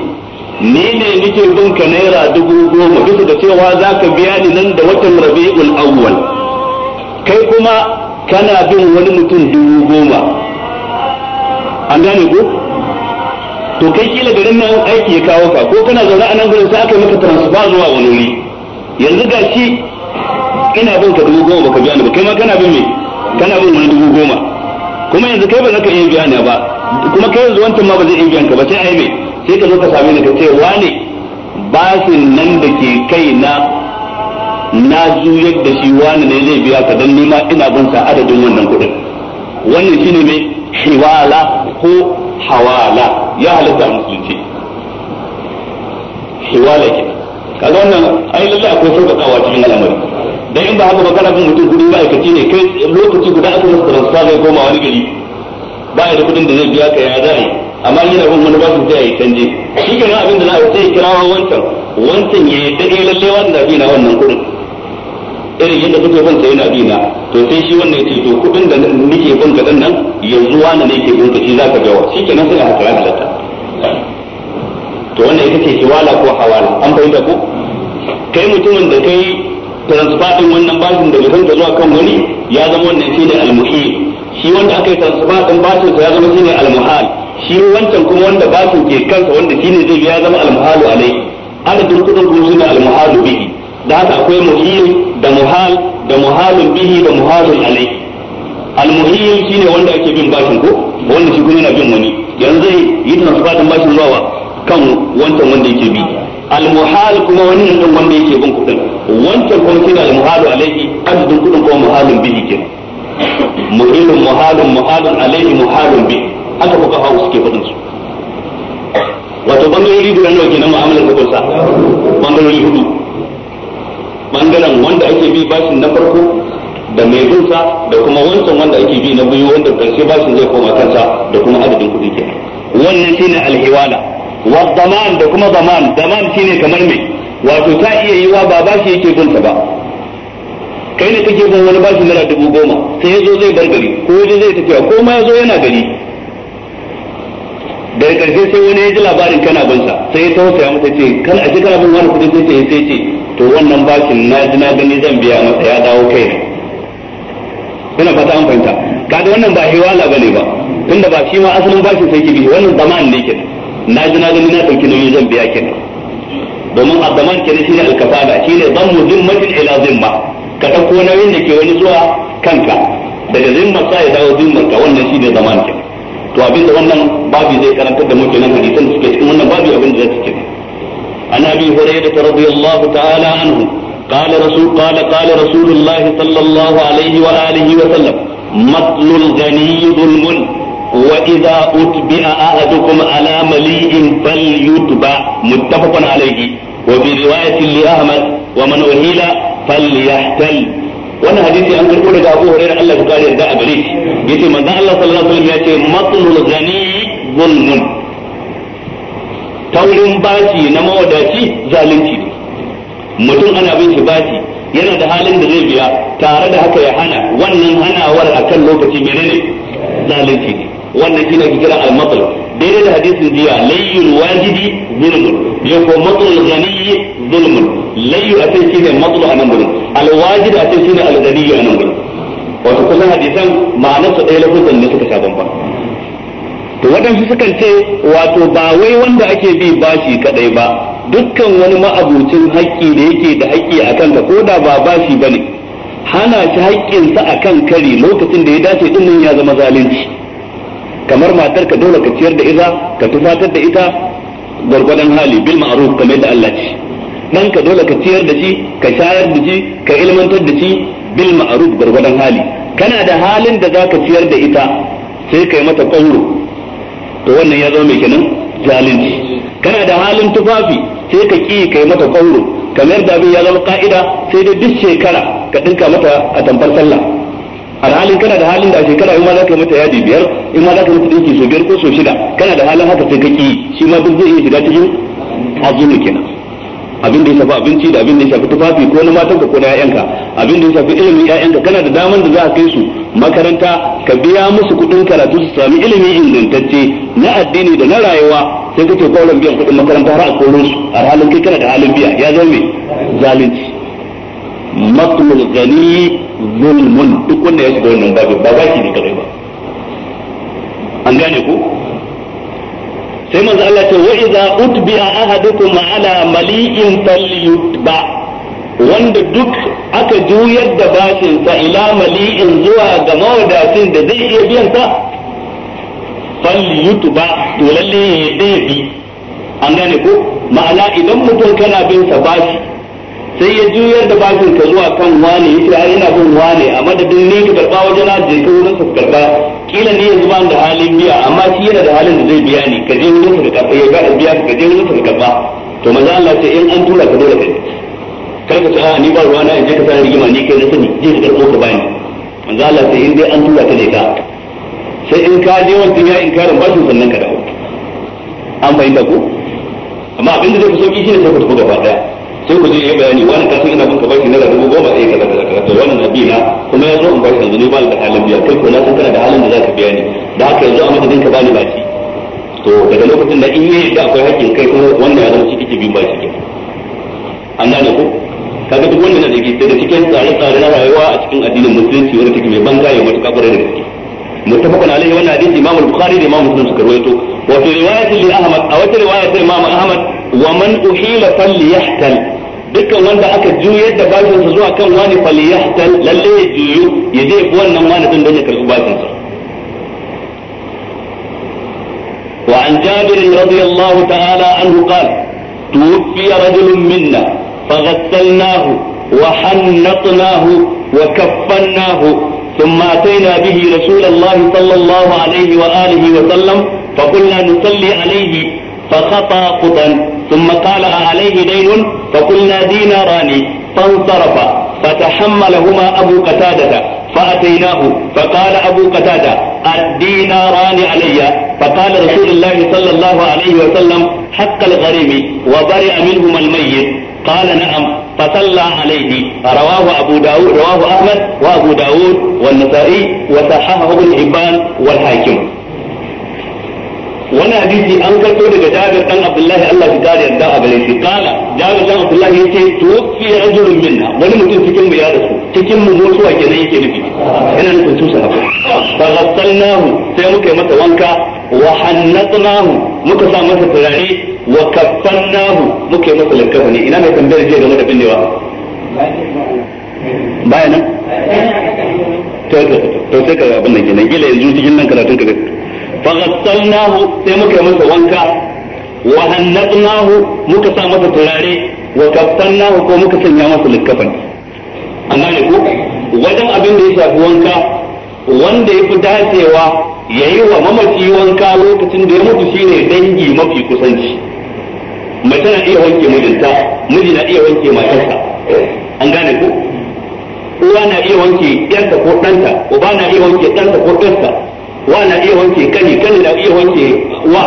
ni ne nike bin naira dubu goma bisa da cewa za ka biya ni nan da watan rabi'ul awwal kai kuma kana bin wani mutum dubu goma an gane ko to kai kila garin nan aiki ya kawo ka ko kana zaune a nan gurin sai aka maka transfer zuwa wani wuri yanzu gashi ina bin ka dubu goma baka biya ni ba kai ma kana bin me kana bin wani dubu goma kuma yanzu kai ba zaka iya biya ni ba kuma kai yanzu wancan ma ba zai iya biyan ka ba sai ai me sai ka zo ka same ni ka ce wane basin nan da ke kai na na juyar da shi wani ne zai biya ka dan nima ina bin sa adadin wannan kuɗin wannan shine me hiwala ko hawala ya a musulunci hiwala ke kaga wannan ai da akwai sauƙaƙawa cikin al'amari dan in ba haka kana bin mutum kudi ba aikaci ne kai lokaci guda aka masa transfer zai koma wani gari ba ya da kudin da zai biya ka ya za amma yana bin wani su sai ya yi canje shi kenan abin da za a yi sai wa wancan wancan ya yi ɗaya eh, lalle wanda bi na wannan kudin irin yadda kuke bin sai yana bi na to sai shi wannan ya ce to kudin da nake bin ka din nan yanzu wani ne ke bin ka shi za ka biya shi kenan sai a ya halatta to wannan ita ce wala ko hawala an fahimta ko kai mutumin da kai transfer wannan bashin daga kanka zuwa kan wani ya zama wannan shine ne muhi shi wanda aka yi transfer din bashin ya zama shine ne almuhal shi wancan kuma wanda bashin ke kansa wanda shine zai ya zama almuhalu alai adadin kudin kuma shine almuhalu muhalu bihi da haka akwai muhi da muhal da muhalun bihi da muhalun alai almuhi shi shine wanda ake bin bashin ko wanda shi kuma yana bin wani yanzu zai yi transfer din bashin zuwa kan wancan wanda yake bi almuhal kuma wani ne wanda yake bin kudin wancan kuma shi ne almuhalu alaihi adadin kudin kuma muhalun bihi kenan muhilun muhalun muhalun alaihi muhalun bihi haka kuka hawo suke fadin su wato bangarori guda nawa kenan mu'amalar kudin sa bangarori hudu bangaren wanda ake bi bashin na farko da mai bin sa da kuma wancan wanda ake bi na biyu wanda karshe bashin zai koma kansa da kuma adadin kudi kenan wannan shine alhiwala wa zaman da kuma zaman zaman shine kamar mai wato ta iya yiwa ba bashi yake gunta ba kai ne kake bin wani bashi naira dubu goma sai ya zo zai bar gari ko ya zai tafiya ko ma ya zo yana gari daga karshe sai wani ya ji labarin kana binsa sai ya tausaya masa ce kan a kana bin wani kudin sai ya ce to wannan bashin na ji na gani zan biya masa ya dawo kai ne ina fata an fahimta kaga wannan ba hiwala bane ba tunda ba shi ma asalin bashin sai ki bi wannan zaman ne kenan na ji na gani na ɗauki nauyi zan biya kenan domin a zaman shi ne kenan shine alkafala shine zammu zimmatin ila zimma ka ɗauko nauyin da ke wani zuwa kanka daga zimmar sa ya dawo zimmar ka wannan ne zaman kenan to abin da wannan babi zai karantar da mu nan hadisan da suke cikin wannan babu abin da zai cikin عن ابي هريره رضي الله تعالى عنه قال رسول قال قال رسول الله صلى الله عليه واله وسلم مطل الغني ظلم وإذا أتبع أحدكم على مليء فليتبع متفق عليه وفي رواية لأحمد ومن أهيل فليحتل wani hadisi an karɓo daga Abu Hurairah Allah ya kare da a gare shi yace manzon Allah sallallahu alaihi wasallam yace matlul ghani taurin basi na mawadaci zalunci ne mutum ana bin shi bashi yana da halin da zai biya tare da haka ya hana wannan hanawar akan lokaci menene zalunci ne wannan shine ake kira al-matl daidai da hadisin jiya layyul wajidi zulmun ya ko al-ghani zulmun layyu a sai shine matl anan gurin al-wajid a sai shine al ghani anan gurin wato kusan hadisan ma'anar su dai lafuzan ne suka saban ba. to waɗansu sukan ce wato ba wai wanda ake bi bashi kadai ba dukkan wani ma'abucin haƙƙi da yake da haƙƙi a kanka ko da ba bashi bane hana shi haƙƙinsa a kan kari lokacin da ya dace ɗin ya zama zalunci kamar matar ka dole ka ciyar da ita ka tufatar da ita gwargwadon hali bil ma'ruf kamar da Allah ce dan ka dole ka ciyar da shi ka shayar da shi ka ilmantar da shi bil ma'ruf gwargwadon hali kana da halin da zaka ciyar da ita sai kai mata kauro to wannan ya zama mai kenan zalunci kana da halin tufafi sai ka ki kai mata kauro kamar da ya zama ka'ida sai da duk shekara ka dinka mata a tamfar sallah alhalin kana da halin da a shekara in ma za ka mata yadi biyar in ma za ka yi mata ɗinki so biyar ko so shida kana da halin haka sai ka ki shi ma duk zai iya shiga cikin azumi kenan abin da ya shafi abinci da abin da ya shafi tufafi ko na matanka ko na ƴaƴanka abin da ya shafi ilimin ƴaƴanka kana da daman da za a kai su makaranta ka biya musu kuɗin karatu su sami ilimi ingantacce na addini da na rayuwa sai ce kwauran biyan kuɗin makaranta har a koro su a kai kana da halin biya ya zama zalunci matlul gani zulmun duk wanda ya shiga wannan babu ba za ne kadai ba an gane ku sai manzo Allah ce wa idza utbi ahadukum ala mali'in falyutba wanda duk aka juyar da bashin sa ila mali'in zuwa ga mawadatin da zai iya biyan sa falyutba to lalle ya bi an gane ku ma'ana idan mutum kana bin sa bashi sai ya juyar da bakin ka zuwa kan wane yace ai ina bin wane a madadin ne ka karba wajen na je ka wurin ka karba kila ne yanzu ban da halin biya amma shi yana da halin da zai biya ni ka je wurin ka karba ya ga biya ka je wurin ka karba to manzo Allah ce in an tura ka dole kai kar ka ce a ni ba ruwana in je ka sanar rigima ni kai na sani je ka karbo ka bani manzo Allah ce in dai an tura ka ne ka sai in ka je wancan ya inkarin bashin sannan ka dawo an fahimta ko amma abinda zai fi sauki shine sai ka tafi gaba daya sai ku je ya bayani wani kasan ina bin ka na naira dubu goma ɗaya kaza kaza kaza to wannan nabi na kuma ya zo in bashi yanzu ne ba da halin biya kai ko na san kana da halin da ka biya ni da haka yanzu a madadin ka bani baki to daga lokacin da in yi da akwai haƙƙin kai kuma wannan ya zama shi kike ba bashi kenan an gane ka ga duk wanda na da daga cikin tsare-tsare na rayuwa a cikin addinin musulunci wanda take mai banza ya mutu kabarin da gaske متفق عليه وانا حديث امام البخاري امام مسلم سكرويته وفي رواية لأحمد او في رواية امام احمد ومن احيل فليحتل دكا وان دا اكا جو يدى باجن سزوع كان واني فليحتل للي يجيو يدي بوان نموانة دنيا كرسو باجن وعن جابر رضي الله تعالى عنه قال توفي رجل منا فغسلناه وحنطناه وكفناه ثم أتينا به رسول الله صلى الله عليه وآله وسلم فقلنا نصلي عليه فخطى خطا ثم قال عليه دين فقلنا ديناران فانصرف فتحملهما أبو قتادة فأتيناه فقال أبو قتادة الديناران علي فقال رسول الله صلى الله عليه وسلم حق الغريم وبرئ منهما الميت قال نعم فصلى عليه رواه أبو داود رواه أحمد وأبو داود والنسائي وصححه ابن حبان والحاكم wani hadisi an karto daga jabir dan abdullahi Allah ya kare yarda a gare shi kala jabir dan abdullahi yake tuwfi rajulun minna wani mutum cikin mu ya rasu cikin mu mutuwa kenan yake nufi yana sai muka yi masa wanka wa hannatnahu muka sa masa turare wa kaffannahu muka yi masa likkafa ina mai tambayar jiya game da binnewa baya nan to sai ka abin nan kenan gila yanzu cikin nan karatun ka fa ghassalnahu sai muka yi masa wanka wa hannatnahu muka sa masa turare wa kaffannahu ko muka sanya masa likkafa amma ne ko wajen abin da ya shafi wanka wanda ya fi dacewa yayi wa mamaci wanka lokacin da ya mutu shine dangi mafi kusanci mace na iya wanke mijinta miji na iya wanke matarsa an gane ko uwa na iya wanke yarsa ko ɗanta uba na iya wanke 'danta ko ɗansa wa na iya wanke kani kani na iya wanke wa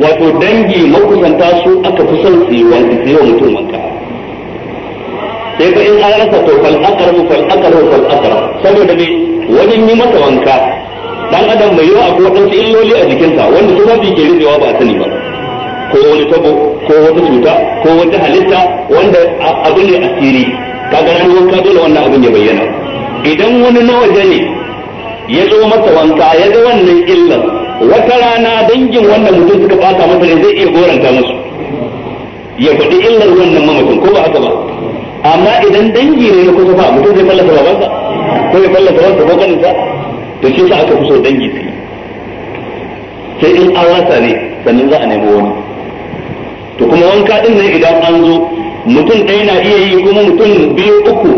wato dangi makusanta su aka fi son su yi wanke su yi wa mutum wanka sai ka in an rasa to fal akaramu fal akaramu fal akaramu saboda me wajen yi masa wanka dan adam mai yawa akwai waɗansu illoli a jikinsa wanda su mafi ke rufewa ba a sani ba ko wani tabo ko wata cuta ko wata halitta wanda abu ne a ka kaga nan wanka dole wannan abin ya bayyana idan wani na waje ne ya zo masa wanka ya ga wannan illar wata rana dangin wannan mutum suka bata masa ne zai iya goranta musu ya faɗi illar wannan mamacin ko ba haka ba amma idan dangi ne na kusa fa mutum zai fallasa babansa ko ya fallasa wansa ko kanin to shi sa aka fi so dangi su sai in an rasa ne sannan za a nemi wani to kuma wanka din ne idan an zo mutum ɗaya na iya yi kuma mutum biyu uku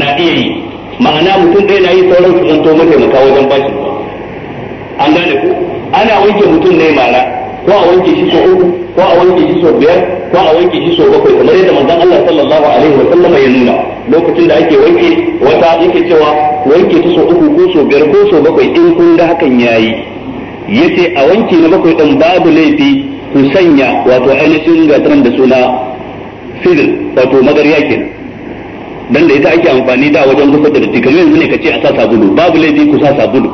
na iya yi ma'ana mutum ɗaya na yi sauran su zanto mataimaka wajen bashi an gane ku ana wanke mutum ne mara ko a wanke shi ko uku ko a wanke shi sau biyar ko a wanke shi sau bakwai kamar yadda manzon Allah sallallahu alaihi wa sallama ya nuna lokacin da ake wanke wata yake cewa wanke ta sau uku ko sau biyar ko sau bakwai in kun ga hakan yayi yace a wanke na bakwai din babu laifi ku sanya wato ainihin gataran da suna sidin wato magarya kenan dan da ita ake amfani da wajen gusar da datti kamar yanzu ne kace a sa sabulu babu laifi ku sa sabulu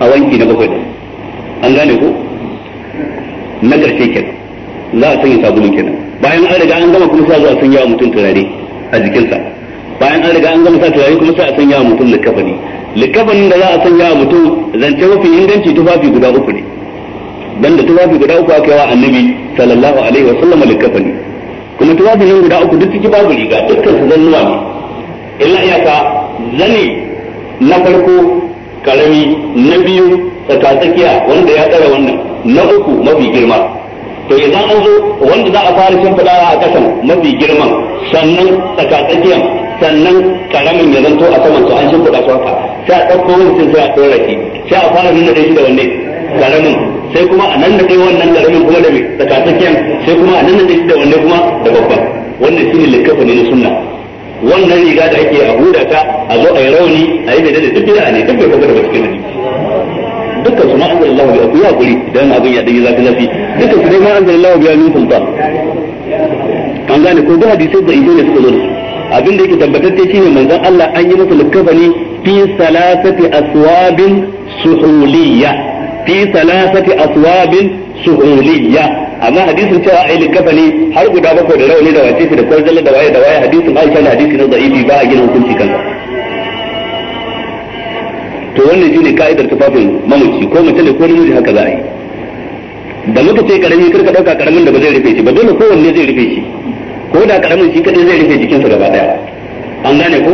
a wanki na bakwai da an gane ko na karshe kenan za a sanya sabulun kenan bayan an riga an gama kuma sai a zo a sanya wa mutum turare a jikinsa bayan an riga an gama sa turare kuma sai a sanya wa mutum likafani likafanin da za a sanya wa mutum zance mafi inganci tufafi guda uku ne dan da tufafi guda uku aka yi wa annabi sallallahu alaihi wa sallam likafani kuma tufafin nan guda uku duk ciki babu riga dukkan su zannuwa ne illa iyaka zani na farko karami na biyu tsakatsakiya wanda ya tsara wannan na uku mafi girma to idan an zo wanda za a fara cin fadawa a kasan mafi girman sannan tsakatsakiyan sannan karamin ya zanto a saman su an shi kuɗa haka sai a ɗauko wani sun sai a ɗora shi sai a fara nuna shi da wanne karamin sai kuma a nan da kai wannan karamin kuma da mai tsakatsakiyan sai kuma a nan da shi da wanne kuma da babban wannan ne likafa ne na sunna wannan riga da ake a huda ta a zo a yi rauni a yi da da tafiya ne tafiya kuma da daga cikin hadisi dukkan su ma anzalallahu a ku hakuri idan abin ya dai zafi zafi dukkan su dai ma anzalallahu bi min sultan an gane ko da hadisi da idan suka zo abin da yake tabbatacce shine manzon Allah an yi masa likafani fi salasati aswabin suhuliyya fi salasati aswabin suhuliyya amma hadisin cewa ai likafani har guda bakwai da rauni da wace da kwarjalla da waye da waye hadisin Aisha da hadisi na da'ifi ba a gina hukunci kansa to wannan shine ka'idar tufafin mamaci ko mace ne ko namiji haka za a yi da muka ce karami karka dauka karamin da ba zai rufe shi ba dole kowanne zai rufe shi ko da karamin shi kadai zai rufe jikinsa gaba daya an gane ko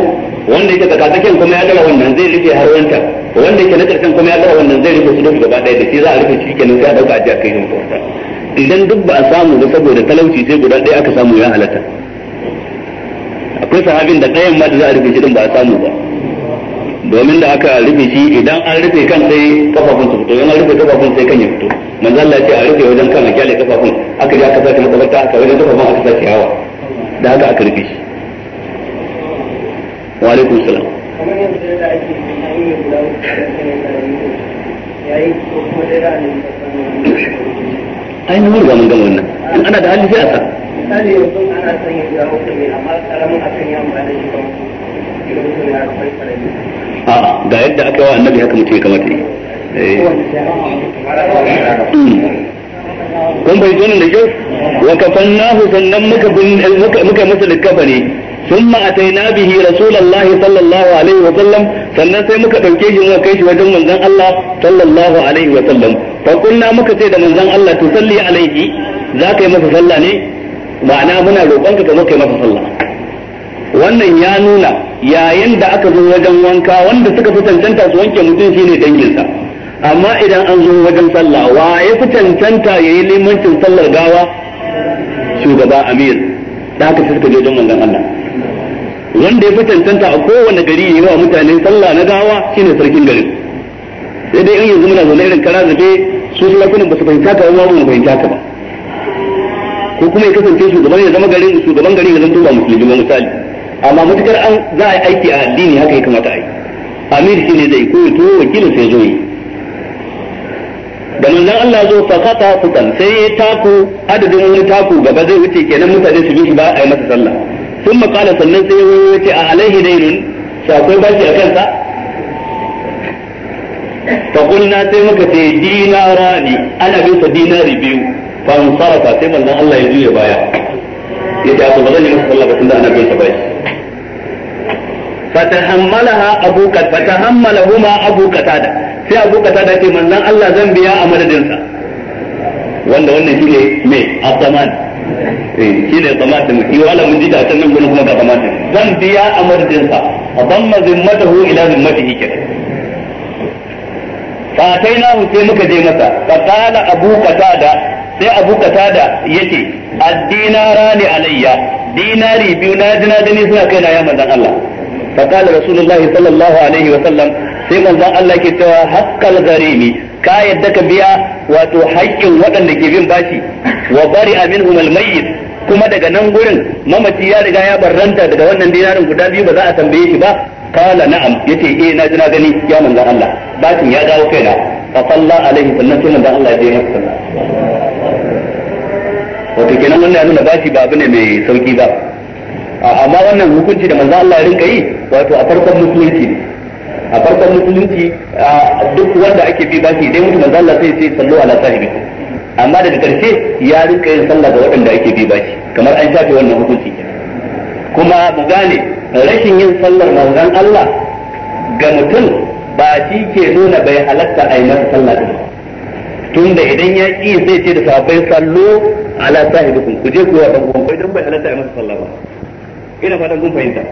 wanda yake tsakiyar kuma ya dara wannan zai rufe har wanta wanda yake na karshen kuma ya dara wannan zai rufe shi duka gaba daya da shi za a rufe shi kenan sai a dauka a kai wanta idan duk ba a samu ba saboda talauci sai guda ɗaya aka samu ya halatta akwai sahabin da ɗayan ma da za a rufe shi din ba a samu ba domin da aka rufe shi idan an rufe kan sai kafafun su fito idan an rufe kafafun sai kan ya fito manzo Allah ya ce a rufe wajen kan a kyale kafafun aka ji aka sake makabarta aka wajen kafafun aka sake hawa da haka aka rufe shi wa alaikum salam ai mun mun gama wannan in ana da hali sai a sa misali yanzu ana amma karamin akan da shi ba da yadda aka wa annabi haka mutum ya kamata yi eh. kun bai tonin da kyau wa kafannahu sannan muka muka masa likafani ثم أتينا به رسول الله صلى الله عليه وسلم sannan sai muka ɗauke shi muka kai shi wajen manzon Allah sallallahu alaihi wa sallam fa kunna muka ce da manzon Allah to salli alaihi za ka yi masa sallah ne ma'ana muna roƙon ka ka maka masa sallah wannan ya nuna yayin da aka zo wajen wanka wanda suka fi cancanta su wanke mutum shine danginsa amma idan an zo wajen sallah wa ya fi cancanta ya yi limancin sallar gawa shugaba amir da haka suka je don manzon Allah wanda ya fi cancanta a kowane gari ya yi wa mutane sallah na gawa shine sarkin garin sai dai in yanzu muna zaune irin kara zabe su sulakunan ba su fahimta ka ba mu fahimta ka ba ko kuma ya kasance shugaban ya zama garin shugaban garin ya zanto ba musulmi ba misali amma mutukar an za a yi aiki a addini haka ya kamata a yi amir shi ne zai koyi to wakilin sai zo yi da nan Allah zo fa kata fukan sai ya taku adadin wani taku gaba zai wuce kenan mutane su bi shi ba a yi masa sallah sun makala sannan sai ya wuce a alaihi dainun shi akwai bashi a kansa فقلنا sai muka ce dinara ne ana sa dinari biyu fa mun sarrafa sai manzon Allah ya juya baya a ba zan yi masa sallah ba tunda ana bin sa bashi fatahammalaha abu fatahammalahuma abu qatada sai abu qatada ce manzon Allah zan biya a madadin sa wanda wannan shine me asaman eh shine zaman din yi wala mun jida sannan gurin kuma ga zaman din zan biya a madadin sa adamma zimmatahu ila zimmatihi kenan fatainahu sai muka je masa faqala abu qatada sai abu qatada yace alayya dinari biyu na dinadani suna kai na ya manzon Allah fa qala rasulullahi sallallahu alaihi wa sallam sai manzo Allah ke cewa haqqal gharimi ka yadda ka biya wato haƙƙin waɗanda ke bin bashi wa bari minhum al kuma daga nan gurin mamaci ya riga ya barranta daga wannan dinarin guda biyu ba za a tambaye shi ba kala na'am yace eh na ji na gani ya manzon Allah Bashin ya dawo kaina fa salla alaihi sannan sai manzon Allah ya je masa wato kenan wannan ya nuna bashi ba abu ne mai sauki ba amma wannan hukunci da manzon Allah ya rinka yi wato a farkon musulunci a farkon musulunci duk wanda ake bi bashi dai mutum manzo Allah sai sai sallu ala sahibi amma daga karshe ya rinka yin sallah ga waɗanda ake bi bashi kamar an shafe wannan hukunci kuma mu gane rashin yin sallar manzon Allah ga mutum ba shi ke nuna bai halatta a yi masa sallah din tunda idan ya ƙi zai ce da sabai sallo ala sahibi ku je ku ya ban dan dan bai halatta a yi masa sallah ba ina fatan kun fahimta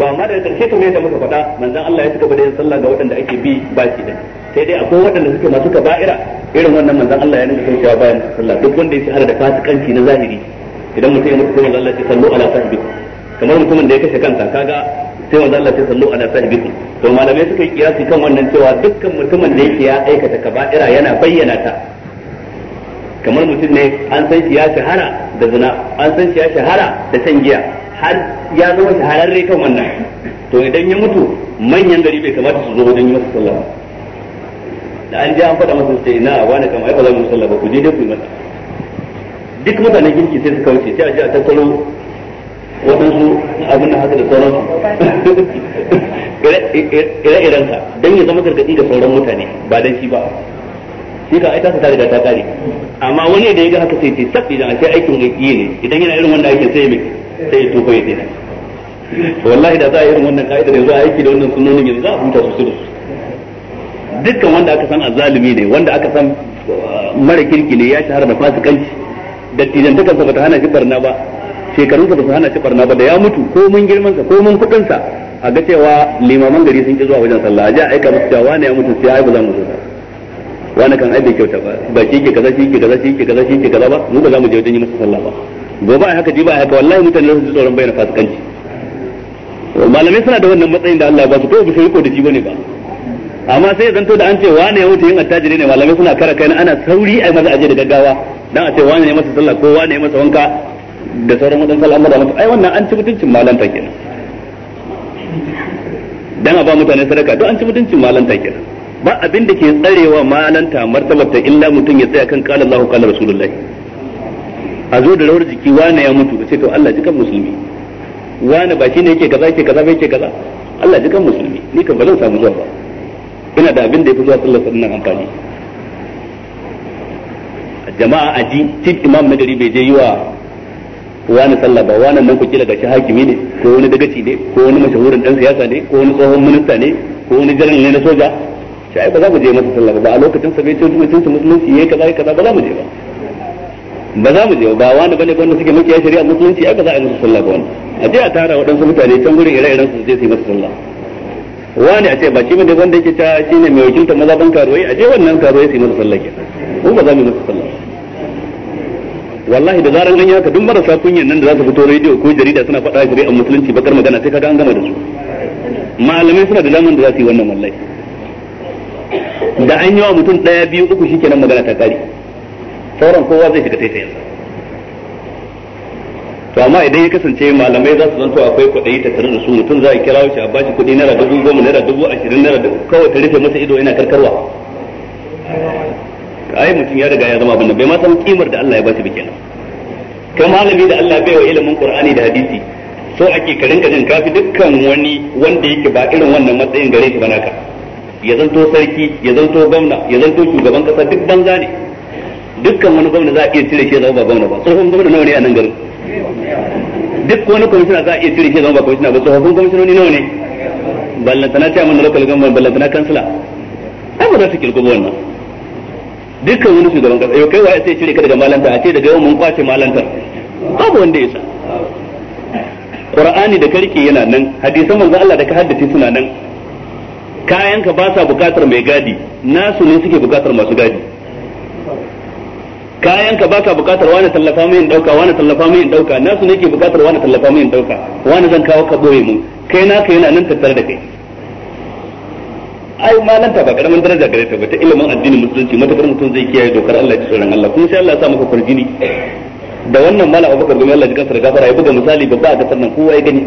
to amma da karshe kamar yadda muka faɗa manzon Allah ya cigaba da yin sallah ga waɗanda ake bi ba shi da sai dai akwai waɗanda suke masu kaba'ira irin wannan manzon Allah ya nuna kaucewa bayan sallah duk wanda ya shahara da fasikanci na zahiri idan mutum ya mutu sai Allah ya sallu ala sahibi kamar mutumin da ya kashe kansa kaga sai manzon Allah ya sallu ala sahibi to malamai suka yi kiyasi kan wannan cewa dukkan mutumin da yake ya aikata kaba'ira yana bayyana ta kamar mutum ne an san shi ya shahara da zina an san shi ya shahara da shan giya har ya zama shahararre kan wannan to idan ya mutu manyan gari bai kamata su zo wajen yi masa sallah da an ji an faɗa masa sai na wani kama ba za mu sallah ba ku je dai ku yi masa duk mutanen kirki sai su kauce sai a ji a tattaro waɗansu abin da haka da sauransu ire-irensa don ya zama gargaɗi da sauran mutane ba dan shi ba shi ka aita ta riga ta kare amma wani da ya ga haka sai ce sabbi idan a sai aikin gaskiye ne idan yana irin wanda ake sai mai sai ya tuba ya daina wallahi da za a yi irin wannan ka'idar yanzu a aiki da wannan sunnonin yanzu za a huta su da su dukkan wanda aka san azalimi ne wanda aka san uh, mara kirki ne ya shahara da fasikanci dattijantakarsa ba ta hana shi barna ba shekarunsa ba su hana shi barna ba da ya mutu ko mun girmansa ko mun kuɗinsa a ga cewa limaman gari sun ki zuwa wajen sallah a ji aika musu cewa wani ya mutu sai ai ba za mu zo wani kan aibe bai kyauta ba ba shi ke kaza shi ke kaza shi ke kaza shi kaza ba mu ba za mu je wajen yi masa sallah ba gobe a haka jiba a haka wallahi mutane za su ji tsoron bayyana fasikanci malamai suna da wannan matsayin da Allah ya ba su kawai ba riko da shi bane ba amma sai ya zanto da an ce wane ya wuce yin attajiri ne malamai suna kara kai ana sauri a maza aje da gaggawa dan a ce wane ne masa sallah ko wane ne masa wanka da sauran wadansu al'amura masa ai wannan an ci mutuncin malanta kenan dan a ba mutane sadaka don an ci mutuncin malanta kenan ba abin da ke tsarewa malanta martabar ta illa mutum ya tsaya kan qala Allahu qala rasulullahi a zo da rawar jiki wane ya mutu sai to Allah jikan musulmi wane ba shine yake kaza yake kaza ba yake kaza Allah jikan musulmi ni kan ba zan samu zuwa ba ina da abin da yafi zuwa sallar sannan amfani jama'a aji tip imam madari bai je yi wa wani sallah ba wani nan ku kila gashi hakimi ne ko wani dagaci ne ko wani mashahurin dan siyasa ne ko wani tsohon minista ne ko wani jaran ne na soja sai ba za mu je masa sallah ba a lokacin sa bai ce mutunci musulunci yayi kaza kaza ba za mu je ba ba za mu je ba wani bane wanda suke makiya shari'a musulunci aka za a yi musu sallah ba wani a je a tara waɗansu mutane can gurin ire-iren su je su yi musu sallah wani a ce ba shi ne wanda yake ta shi ne mai wakiltar mazaban karuwai a je wannan karuwai su yi musu sallah ke mu ba za mu yi musu sallah wallahi da zaran an yi haka duk marasa kunyan nan da za su fito rediyo ko jarida suna faɗa shari'a musulunci bakar magana sai kaga an gama da su malamai suna da daman da za su yi wannan wallahi da an yi wa mutum ɗaya biyu uku kenan magana ta kare sauran kowa zai shiga taita yansa to amma idan ya kasance malamai za su zanto akwai kuɗi ta tare da su mutum za a kira shi a bashi kuɗi naira dubu goma naira dubu ashirin naira dubu kawai ta rufe masa ido yana karkarwa ai mutum ya riga ya zama abin bai ma san kimar da Allah ya ba shi kenan kai malami da Allah bai wa ilimin Qur'ani da hadisi so ake ka rinka jin kafi dukkan wani wanda yake ba irin wannan matsayin gare shi ba naka ya zanto sarki ya zanto gwamna ya zanto shugaban kasa duk banza ne dukkan wani gwamna za a iya cire shi zama ba gwamna ba tsohon gwamna nawa ne a nan garin duk wani kwamishina za a iya cire shi zama ba kwamishina ba tsohon kwamishinoni nawa ne ballantana chairman na local government ballantana kansila ai ba za su kirgo wannan dukkan wani shugaban kasa yau kai waye sai cire ka daga malanta a ce daga yau mun kwace malantar babu wanda ya sa qur'ani da karki yana nan hadisan manzo Allah da ka haddace suna nan kayanka ba sa bukatar mai gadi nasu ne suke bukatar masu gadi kayan ka baka bukatar wani tallafa mai dauka wani tallafa mai dauka nasu ne ke bukatar wani tallafa mai dauka wani zan kawo ka boye mu kai kai yana nan tattare da kai ai ta ba karamin daraja gare ta ba ta ilimin addini musulunci matakar mutum zai kiyaye dokar Allah ya tsoron Allah kuma sai Allah ya sa maka kurjini da wannan mala Abubakar gumi Allah jikansa da gafara ya buga misali babba a kasar nan kowa ya gani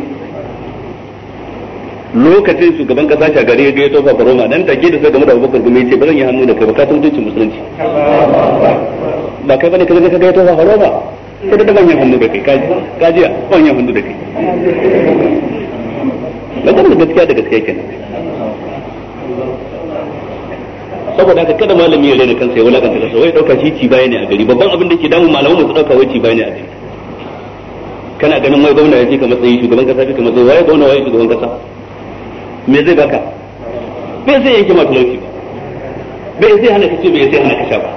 lokacin shugaban kasa gari ya ga ya tofa faroma dan take da sai game da Abubakar gumi ya ce ba zan yi hannu da kai ba ka mutunci musulunci ba kai bane ka je ka ga tofa faro ba ko da manyan hannu da kai kaji manyan hannu da kai magana da gaskiya da gaskiya kenan saboda haka kada malami ya rena kansa ya wulakanta kansa wai dauka shi ci baya ne a gari babban abin da ke damun malamu su dauka wai ci baya ne a gari kana ganin wai gwamna ya ce ka matsayi shugaban kasa ka matsayi wai gwamna wai shugaban kasa me zai baka bai zai yanke ma talauci ba bai zai hana ka ce bai zai hana ka sha ba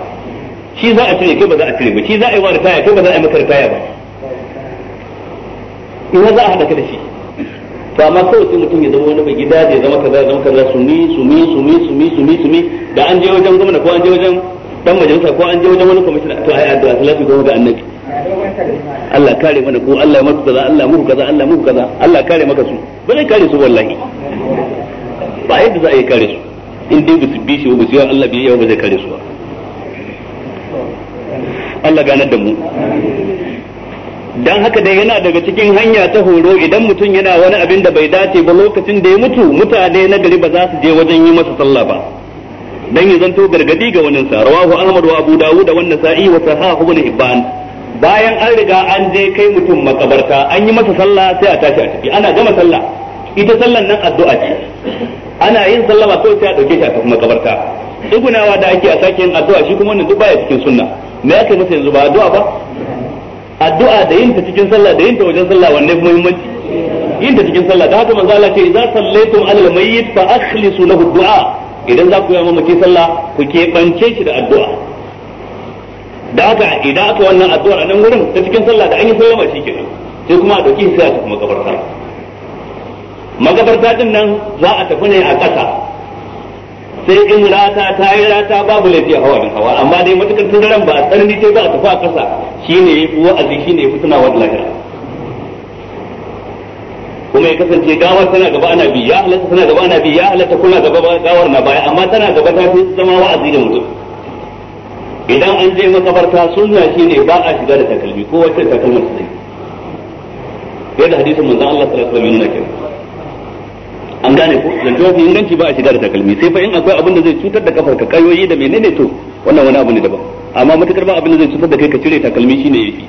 shi za a cire kai ba za a cire ba shi za a yi wa ritaya kai ba za a yi maka ritaya ba ina za a haɗa ka da shi to amma kawai sai mutum ya zama wani bai gida ya zama kaza ya zama kaza su mi su mi su mi su mi su mi su mi da an je wajen gwamna ko an je wajen dan majalisa ko an je wajen wani kwamishina to ai addu'a salatu goma ga annabi Allah kare mana ko Allah ya maka kaza Allah muku kaza Allah muku kaza Allah kare maka su ba zai kare su wallahi ba yadda za a yi kare su in dai bisu bishi ba bisu yawan Allah biyayya ba zai kare su ba Allah ganar da mu dan haka dai yana daga cikin hanya ta horo idan mutum yana wani abin da bai dace ba lokacin da ya mutu mutane na gari ba za su je wajen yi masa sallah ba dan ya zanto gargadi ga wannan sa rawahu ahmad wa abu dawud wannan sa'i wa sahahu ibn hibban bayan an riga an je kai mutum makabarta an yi masa sallah sai a tashi a ciki ana gama sallah ita sallan nan addu'a ce ana yin sallah ba sai a dauke shi a tafi makabarta dugunawa da ake a sake yin addu'a shi kuma wannan duk baya cikin sunna me yake nufi yanzu ba addu'a ba addu'a da yin ta cikin sallah da yin ta wajen sallah wanne kuma muhimmanci yin ta cikin sallah da haka manzo Allah ce idza sallaitum alal mayyit fa akhlisu lahu du'a idan za ku yi mamaki sallah ku keɓance shi da addu'a da haka idan aka wannan addu'a a nan gurin ta cikin sallah da an yi sallama shi ke sai kuma a dauki sai a tafi makabarta makabarta din nan za a tafi ne a ƙasa sai in rata ta yi rata babu laifi a hawa hawa amma dai matukar daren ba a tsarni sai ba a tafi a kasa shine ya fi wa'azi shine ya fi suna wani lahira kuma ya kasance gawar tana gaba ana bi ya halatta tana gaba ana bi ya halatta kuna gaba gawar na baya amma tana gaba ta fi zama wa'azi da mutum idan an je makabarta sunna shine ba a shiga da takalmi ko wacce takalmin sai yadda hadisin manzon Allah sallallahu alaihi wasallam yana kenan an gane ko zance mafi inganci ba a shiga da takalmi sai fa in akwai abin da zai cutar da kafar ka kayoyi da menene to wannan wani abu ne daban amma matukar ba abin da zai cutar da kai ka cire takalmi shine yafi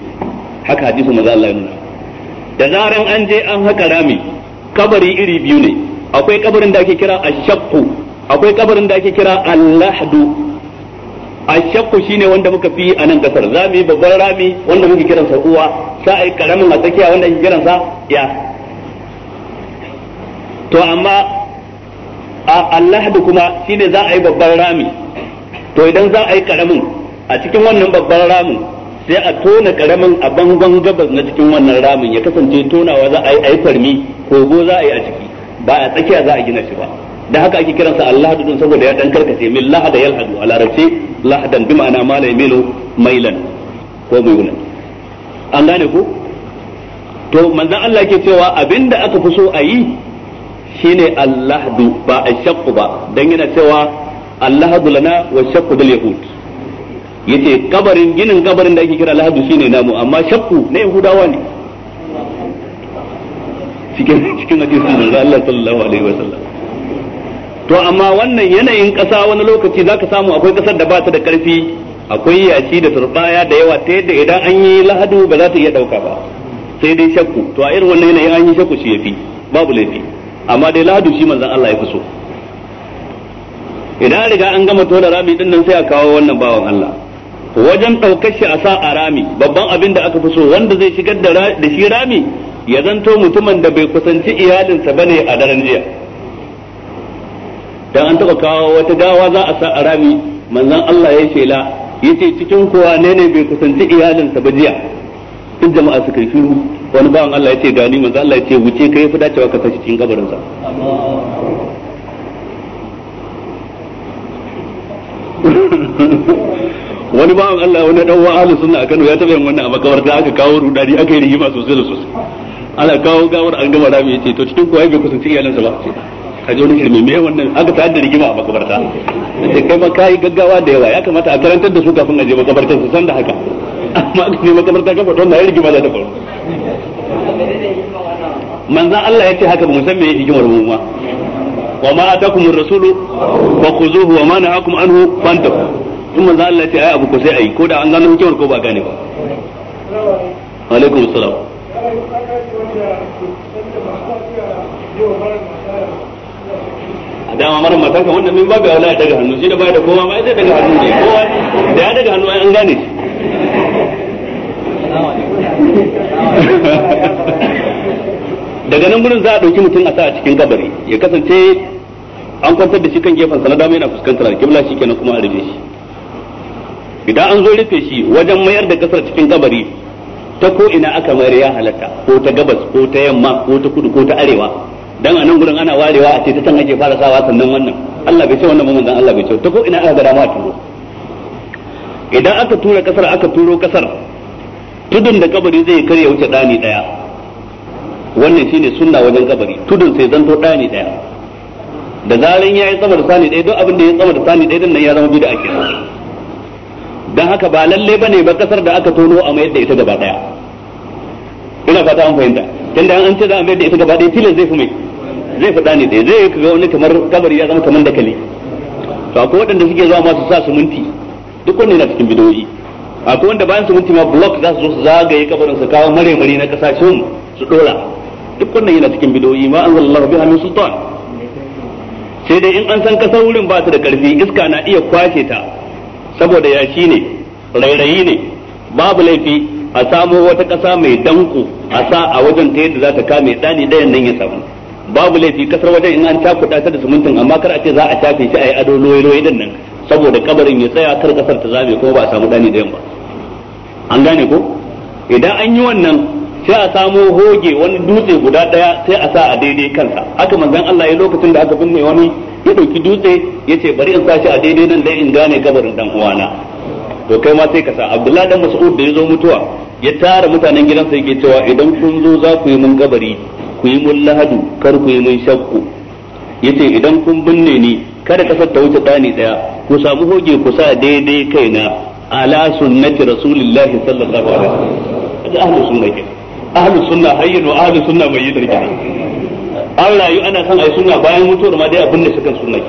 haka hadisu maza Allah ya nuna da zaran an je an haka rami kabari iri biyu ne akwai kabarin da ake kira ashaqqu akwai kabarin da ake kira al-lahdu ashaqqu shine wanda muka fi a nan kasar zamu yi babban rami wanda muke kiransa uwa sai karamin a tsakiya wanda ake kiransa ya to amma Allah da kuma shine za a yi babban rami to idan za a yi karamin a cikin wannan babban ramin sai a tona karamin a bangon gabas na cikin wannan ramin ya kasance tonawa za a yi a kogo za a yi a ciki ba a tsakiya za a gina shi ba da haka ake kiransa Allah dun saboda ya dan karkace min lahada yalhadu a larabce lahadan bi ma'ana ma yamilu mailan ko wuna. an gane ko to manzon Allah ke cewa abinda aka fi so a yi shine allahdu ba a shakku ba dan yana cewa allahdu lana wa shakku lil yahud yace kabarin ginin kabarin da ake kira lahadu shine namu amma shakku na yahudawa ne cikin cikin hadisin da Allah sallallahu alaihi wasallam to amma wannan yanayin ƙasa wani lokaci zaka samu akwai ƙasar da ba ta da ƙarfi akwai yashi da turbaya da yawa ta yadda idan an yi lahadu ba za ta iya ɗauka ba sai dai shakku to a irin wannan yanayin an yi shakku shi yafi babu laifi amma dai ladu shi manzon Allah ya fi so idan riga an gama tona rami din nan sai a kawo wannan bawan Allah wajen ɗaukar shi a sa a rami babban abin da aka fi so wanda zai shigar da shi rami ya zanto mutumin da bai kusanci iyalinsa bane a daren jiya dan an taba kawo wata gawa za a sa a rami manzon Allah ya shela yace cikin kowa ne ne bai kusanci iyalinsa ba jiya in jama'a suka yi shiru wani bawan Allah ya ce gani manzo Allah ya ce wuce kai fi dacewa ka sashi cikin kabarin sa wani bawan Allah wani dan wa ahli sunna a Kano ya taɓa yin wannan a makabarta aka kawo rudani aka yi rigima sosai da sosai ana kawo gawar an gama rami ce to cikin kowa bai kusanci sa ba ka ji wani shirme me wannan aka ta da rigima a makabarta sai kai ma kai gaggawa da yawa ya kamata a karantar da su kafin a je makabartar su san da haka amma ne je makabarta ka na wannan rigima za ta faru manzan Allah ya ce haka ba mu san yi hikimar mu ma wa ma atakumur rasulu ku khuzuhu wa ma na'akum anhu fantahu in manzan Allah ya ce ai abu ko sai ai ko da an gano hikimar ko ba gane ba alaikum assalam dama mara matan ka wannan min babu aula ya daga hannu shi da baya da kowa ma sai daga hannu ne kowa da ya daga hannu an gane shi daga nan gudun za a ɗauki mutum a sa a cikin kabari ya kasance an kwantar da shi kan gefen sa na dama yana fuskantar alƙibla shi kenan kuma a rufe shi idan an zo rufe shi wajen mayar da kasar cikin kabari ta ko ina aka mayar ya halatta ko ta gabas ko ta yamma ko ta kudu ko ta arewa dan a nan gurin ana warewa a ce ta can ake fara sawa sannan wannan Allah bai ce wannan mamman Allah bai ce ta ko ina aka ga dama a turo idan aka tura kasar aka turo kasar tudun da kabari zai karya wuce ɗani daya wannan shine sunna wajen kabari tudun sai zanto ɗani daya da zaran yayi sama da sani ɗaya don abin da ya sama da sani ɗaya don nan ya zama bid'a kenan don haka ba lalle ba ne ba kasar da aka tono a mayar da ita gaba daya ina fata an fahimta tunda an ce za a mayar da ita gaba daya tilan zai fi mai zai fi ɗani daya zai ga wani kamar kabari ya zama kamar dakali to akwai waɗanda suke zuwa masu sa minti duk wanne yana cikin bidoyi akwai wanda bayan su mutu ma block za su zo su zagaye kabarin su kawo mare na kasashen su dora duk wannan yana cikin bidoyi ma an zallallahu biha min sultan sai dai in an san kasar wurin ba ta da karfi iska na iya kwashe ta saboda yashi ne rairayi ne babu laifi a samo wata kasa mai danko a sa a wajen ta yadda za ta kame dani dayan nan ya samu babu laifi kasar wajen in an cakuɗa ta da sumuntin amma kar a ce za a shafe shi a yi ado loyi-loyi din nan saboda kabarin ya tsaya kar kasar ta zame kuma ba a samu dani dayan ba an gane ko idan an yi wannan sai a samo hoge wani dutse guda daya sai a sa a daidai kansa haka manzon Allah ya lokacin da aka binne wani ya dauki dutse ya ce bari in sa sashi a daidai nan dai in gane kabarin dan uwana to kai ma sai ka sa Abdullah dan Mas'ud da ya zo mutuwa ya tara mutanen gidansa yake cewa idan kun zo za ku yi mun kabari ku yi mun lahadu kar ku yi mun shakku yace idan kun binne ni kada kasar ta wuce dani daya ku samu hoge ku sa daidai kaina ala sunnati rasulillahi sallallahu alaihi wasallam da ahlus sunna ke ahlus sunna hayyin wa ahlus mai yi kenan an rayu ana son ai sunna bayan mutuwar ma dai abin da suka sunna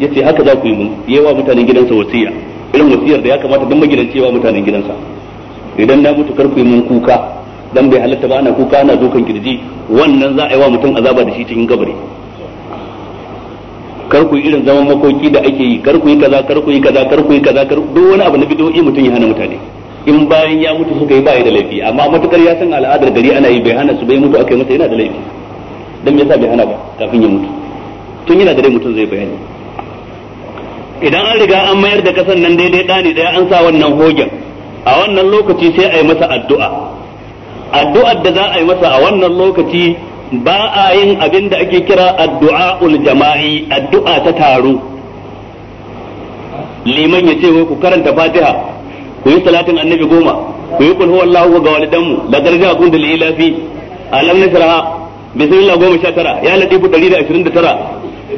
Ya yace haka za ku yi mun yawa mutanen gidansa wasiya irin wasiyar da ya kamata dan magidan cewa mutanen gidansa idan na mutu kar ku yi mun kuka dan bai halatta ba ana kuka ana dokan kirji wannan za a yi wa mutum azaba da shi cikin kabari kar ku yi irin zaman makoki da ake yi kar ku yi kaza kar ku yi kaza kar ku yi kaza kar duk wani abu na bid'o'i mutum ya hana mutane in bayan ya mutu suka yi ba da laifi amma matukar ya san al'adar gari ana yi bai hana su bai mutu akai masa yana da laifi dan me yasa bai hana ba kafin ya mutu tun yana da dai mutum zai bayani idan an riga an mayar da kasan nan daidai dani daya an sa wannan hogen a wannan lokaci sai a yi masa addu'a addu'ar da za a yi masa a wannan lokaci ba a yin abin da ake kira addu'a jama'i addu'a ta taro liman ya ce wai ku karanta fatiha ku yi salatin annabi goma ku yi kulhu wallahu ga walidanmu la garja kun da lilafi alam nasraha bismillah goma sha tara ya latifu ɗari da ashirin da tara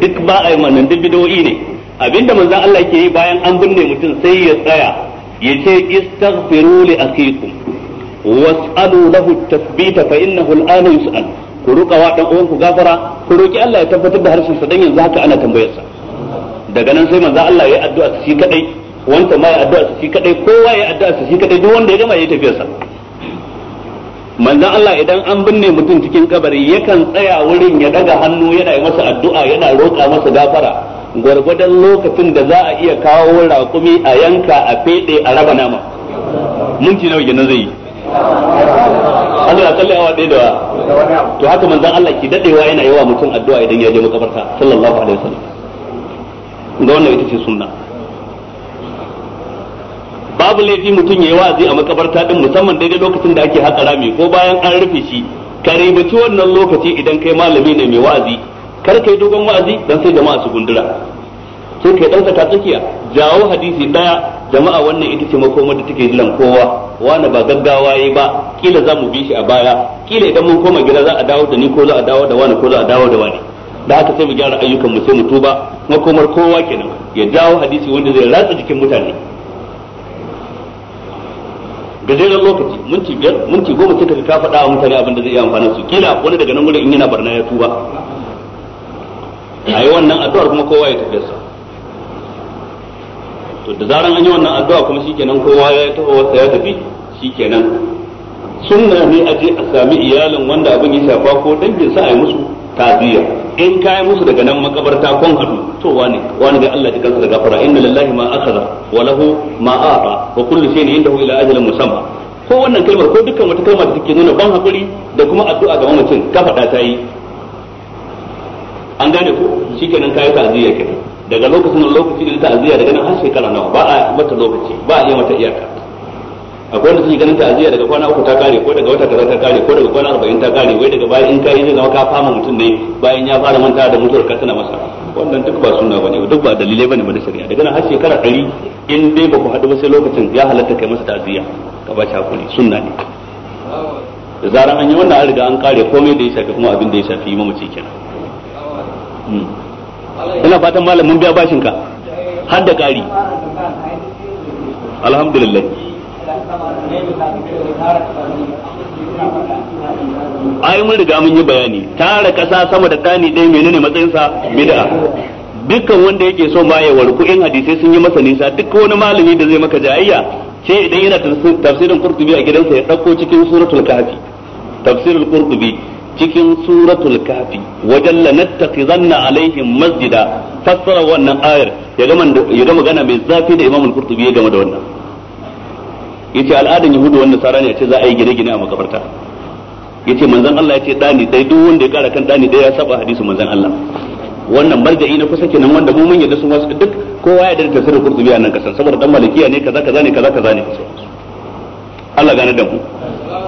duk ba a yi wannan duk bidowi ne abinda manzon Allah ke yi bayan an binne mutum sai ya tsaya ya ce istaghfiru li akhikum was'alu lahu at-tathbita fa innahu al-ana yus'al ku ruka wa dan uwanku gafara ku roki Allah ya tabbatar da harshen sa dan yanzu haka ana tambayar sa daga nan sai manzo Allah ya addu'a shi kadai wanda ma ya addu'a shi kadai kowa ya addu'a shi kadai duk wanda ya gama ya tafiyar sa manzo Allah idan an binne mutum cikin kabari yakan tsaya wurin ya daga hannu yana yi masa addu'a yana roƙa masa gafara gwargwadon lokacin da za a iya kawo raƙumi a yanka a feɗe a raba nama minti nawa kenan zai yi Allah ya kalle awa ɗaya da to haka manzon Allah ki dadewa yana yawa mutum addu'a idan ya je makabarta sallallahu alaihi wasallam ga wannan ita ce sunna babu laifi mutum ya yi wa'azi a makabarta din musamman daidai lokacin da ake haƙa rami ko bayan an rufe shi ka ribaci wannan lokaci idan kai malami ne mai wa'azi kar kai dogon wa'azi dan sai jama'a su gundura sai kai dan saka tsakiya jawo hadisi daya jama'a wannan ita ce makoma da take jiran kowa wani ba gaggawa yi ba kila za mu bi shi a baya kila idan mun koma gida za a dawo da ni ko za a dawo da wani ko za a dawo da wani da haka sai mu gyara ayyukan mu sai mu tuba makomar kowa kenan ya jawo hadisi wanda zai ratsa jikin mutane gajeren lokaci minti biyar minti goma sai ka faɗa wa mutane abin da zai iya amfana su kila wani daga nan gurin in yana barna ya tuba a yi wannan addu'ar kuma kowa ya tafiyarsa to da zaran an yi wannan addu'a kuma shikenan kowa ya taho wata ya tafi shikenan sunna ne a je a sami iyalin wanda abin ya shafa ko dangin sa a yi musu taziya in kai musu daga nan makabarta kon hadu to wani wani da Allah ya kansa da gafara inna lillahi ma akhadha wa lahu ma ata wa kullu shay'in indahu ila ajalin musamma ko wannan kalmar ko dukkan wata kalmar da take nuna ban hakuri da kuma addu'a ga mamacin ka fada ta yi an gane ko shikenan kai taziya kenan daga lokacin da lokaci da ta'aziyya daga nan har shekara nawa ba a mata lokaci ba a yi mata iyaka akwai wanda suke ganin ta'aziyya daga kwana uku ta kare ko daga wata kaza ta kare ko daga kwana arba'in ta kare wai daga bayan in kai zai zama ka fama mutum ne bayan ya fara manta da mutuwar ka tana masa wannan duk ba sunna bane duk ba dalilai bane ba da shari'a daga nan har shekara ɗari in dai ba ku haɗu ba sai lokacin ya halatta kai masa ta aziya ka ba shi hakuri sunna ne da zaran an yi wannan an riga an kare komai da ya shafi kuma abin da ya shafi mamaci kenan hmm. ina fatan malam mun biya bashin ka har da ƙari alhamdulillah ai mun riga mun yi bayani tara kasa sama da tani ɗaya menene matsayinsa bid'a dukkan wanda yake so ma ya warku in hadisai sun yi masa nisa duk wani malami da zai maka jayayya ce idan yana tafsirin qurtubi a gidansa ya dauko cikin suratul kahfi tafsirul qurtubi cikin suratul kafi wajen zanna alaihim masjida fassara wannan ayar ya gama gana mai zafi da imamul qurtubi ya game da wannan yace al'adan yahudu wannan sara ne ce za a yi gine-gine a makabarta yace manzon Allah yace dani dai duk wanda ya kara kan dani dai ya saba hadisi manzon Allah wannan marja'i na kusa kenan wanda mu mun yadda sun wasu duk kowa ya da tafsirin qurtubi a nan kasan saboda dan malikiya ne kaza kaza ne kaza kaza ne kaza Allah gane da mu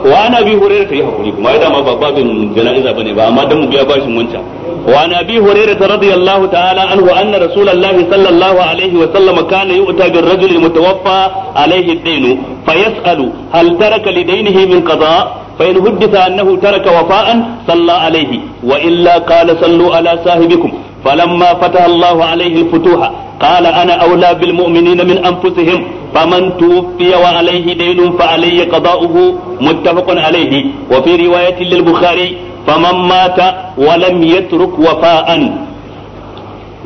wa bi ta yi hakuri kuma ai dama babin jana'iza bane ba amma dan mu biya bashin wancan wa ana bi ta radiyallahu ta'ala anhu anna rasulullahi sallallahu alaihi wa sallam kana yu'ta bir rajul mutawaffa alaihi dainu dain fa yas'alu hal taraka li dainihi min qada' فإن حدث أنه ترك وفاء صلى عليه وإلا قال صلوا على صاحبكم فلما فتح الله عليه الفتوح قال أنا أولى بالمؤمنين من أنفسهم فمن توفي وعليه دين فعليه قضاؤه متفق عليه وفي رواية للبخاري فمن مات ولم يترك وفاء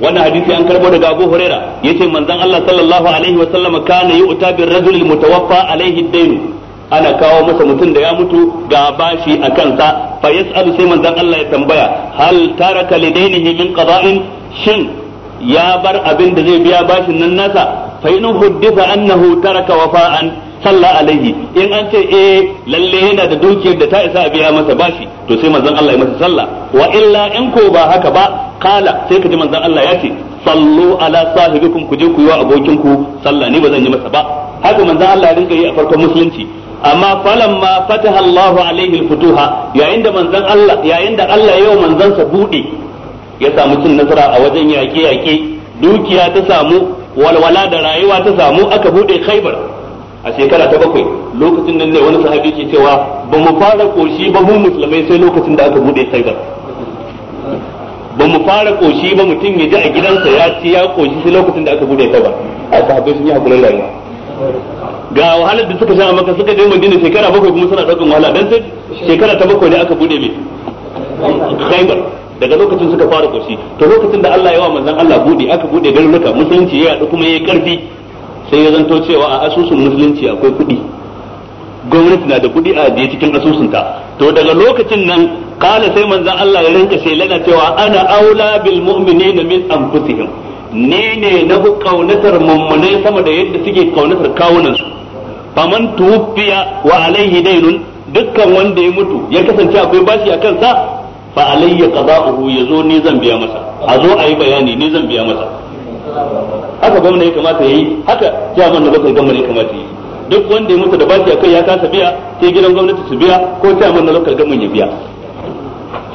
wannan hadisi an karbo daga Abu Huraira yace manzon Allah sallallahu alaihi wa sallama kana yu'ta bir rajul mutawaffa alaihi dainu ana kawo masa mutum da ya mutu ga bashi a kansa fa yas'alu sai manzon Allah ya tambaya hal taraka lidainihi min qada'in shin ya bar abin da zai biya bashin nan nasa fa in annahu taraka wafa'an sallah alaihi in an ce e lalle yana da dukiyar da ta isa a biya masa bashi to sai manzon Allah ya masa sallah wa illa in ko ba haka ba kala sai ka ji manzon Allah ya ce sallu ala sahibikum ku je ku yi wa abokinku sallah ni ba zan yi masa ba haka manzon Allah ya rinka yi a farkon musulunci amma falamma fataha Allahu alaihi alfutuha yayin da manzon Allah yayin da Allah yau manzon sa buɗe ya samu cin nasara a wajen yaƙe yaƙe dukiya ta samu walwala da rayuwa ta samu aka bude khaybar a shekara ta bakwai lokacin nan ne wani sahabi ke cewa ba mu fara koshi ba mu musulmai sai lokacin da aka bude khaybar ba mu fara koshi ba mutum ya ji a gidansa ya ci ya koshi sai lokacin da aka bude khaybar a sahabi sun yi hakurin rayuwa ga wahalar da suka sha a maka suka je madina shekara bakwai kuma suna daukan wahala dan sai shekara ta bakwai ne aka bude mai khaybar daga lokacin suka fara kursi to lokacin da Allah ya wa manzon Allah bude aka bude garuruka musulunci ya yadu kuma ya karfi sai ya zanto cewa a asusun musulunci akwai kuɗi gwamnati na da kuɗi a ajiye cikin asusunta to daga lokacin nan kala sai manzon Allah ya rinka shelana cewa ana aula bil mu'minina min anfusihim ne ne na kaunatar mummunai sama da yadda suke kaunatar kawunansu faman tuwfiya wa alaihi dainun dukkan wanda ya mutu ya kasance akwai bashi a sa. fa alayya qada'uhu yazo ni zan biya masa a zo ayi bayani ni zan biya masa haka gwamna ya kamata yayi haka jaman da lokacin gwamna ya kamata yayi duk wanda ya mutu da baki akai ya kasa biya sai gidan gwamnati su biya ko jaman na lokal gwamna ya biya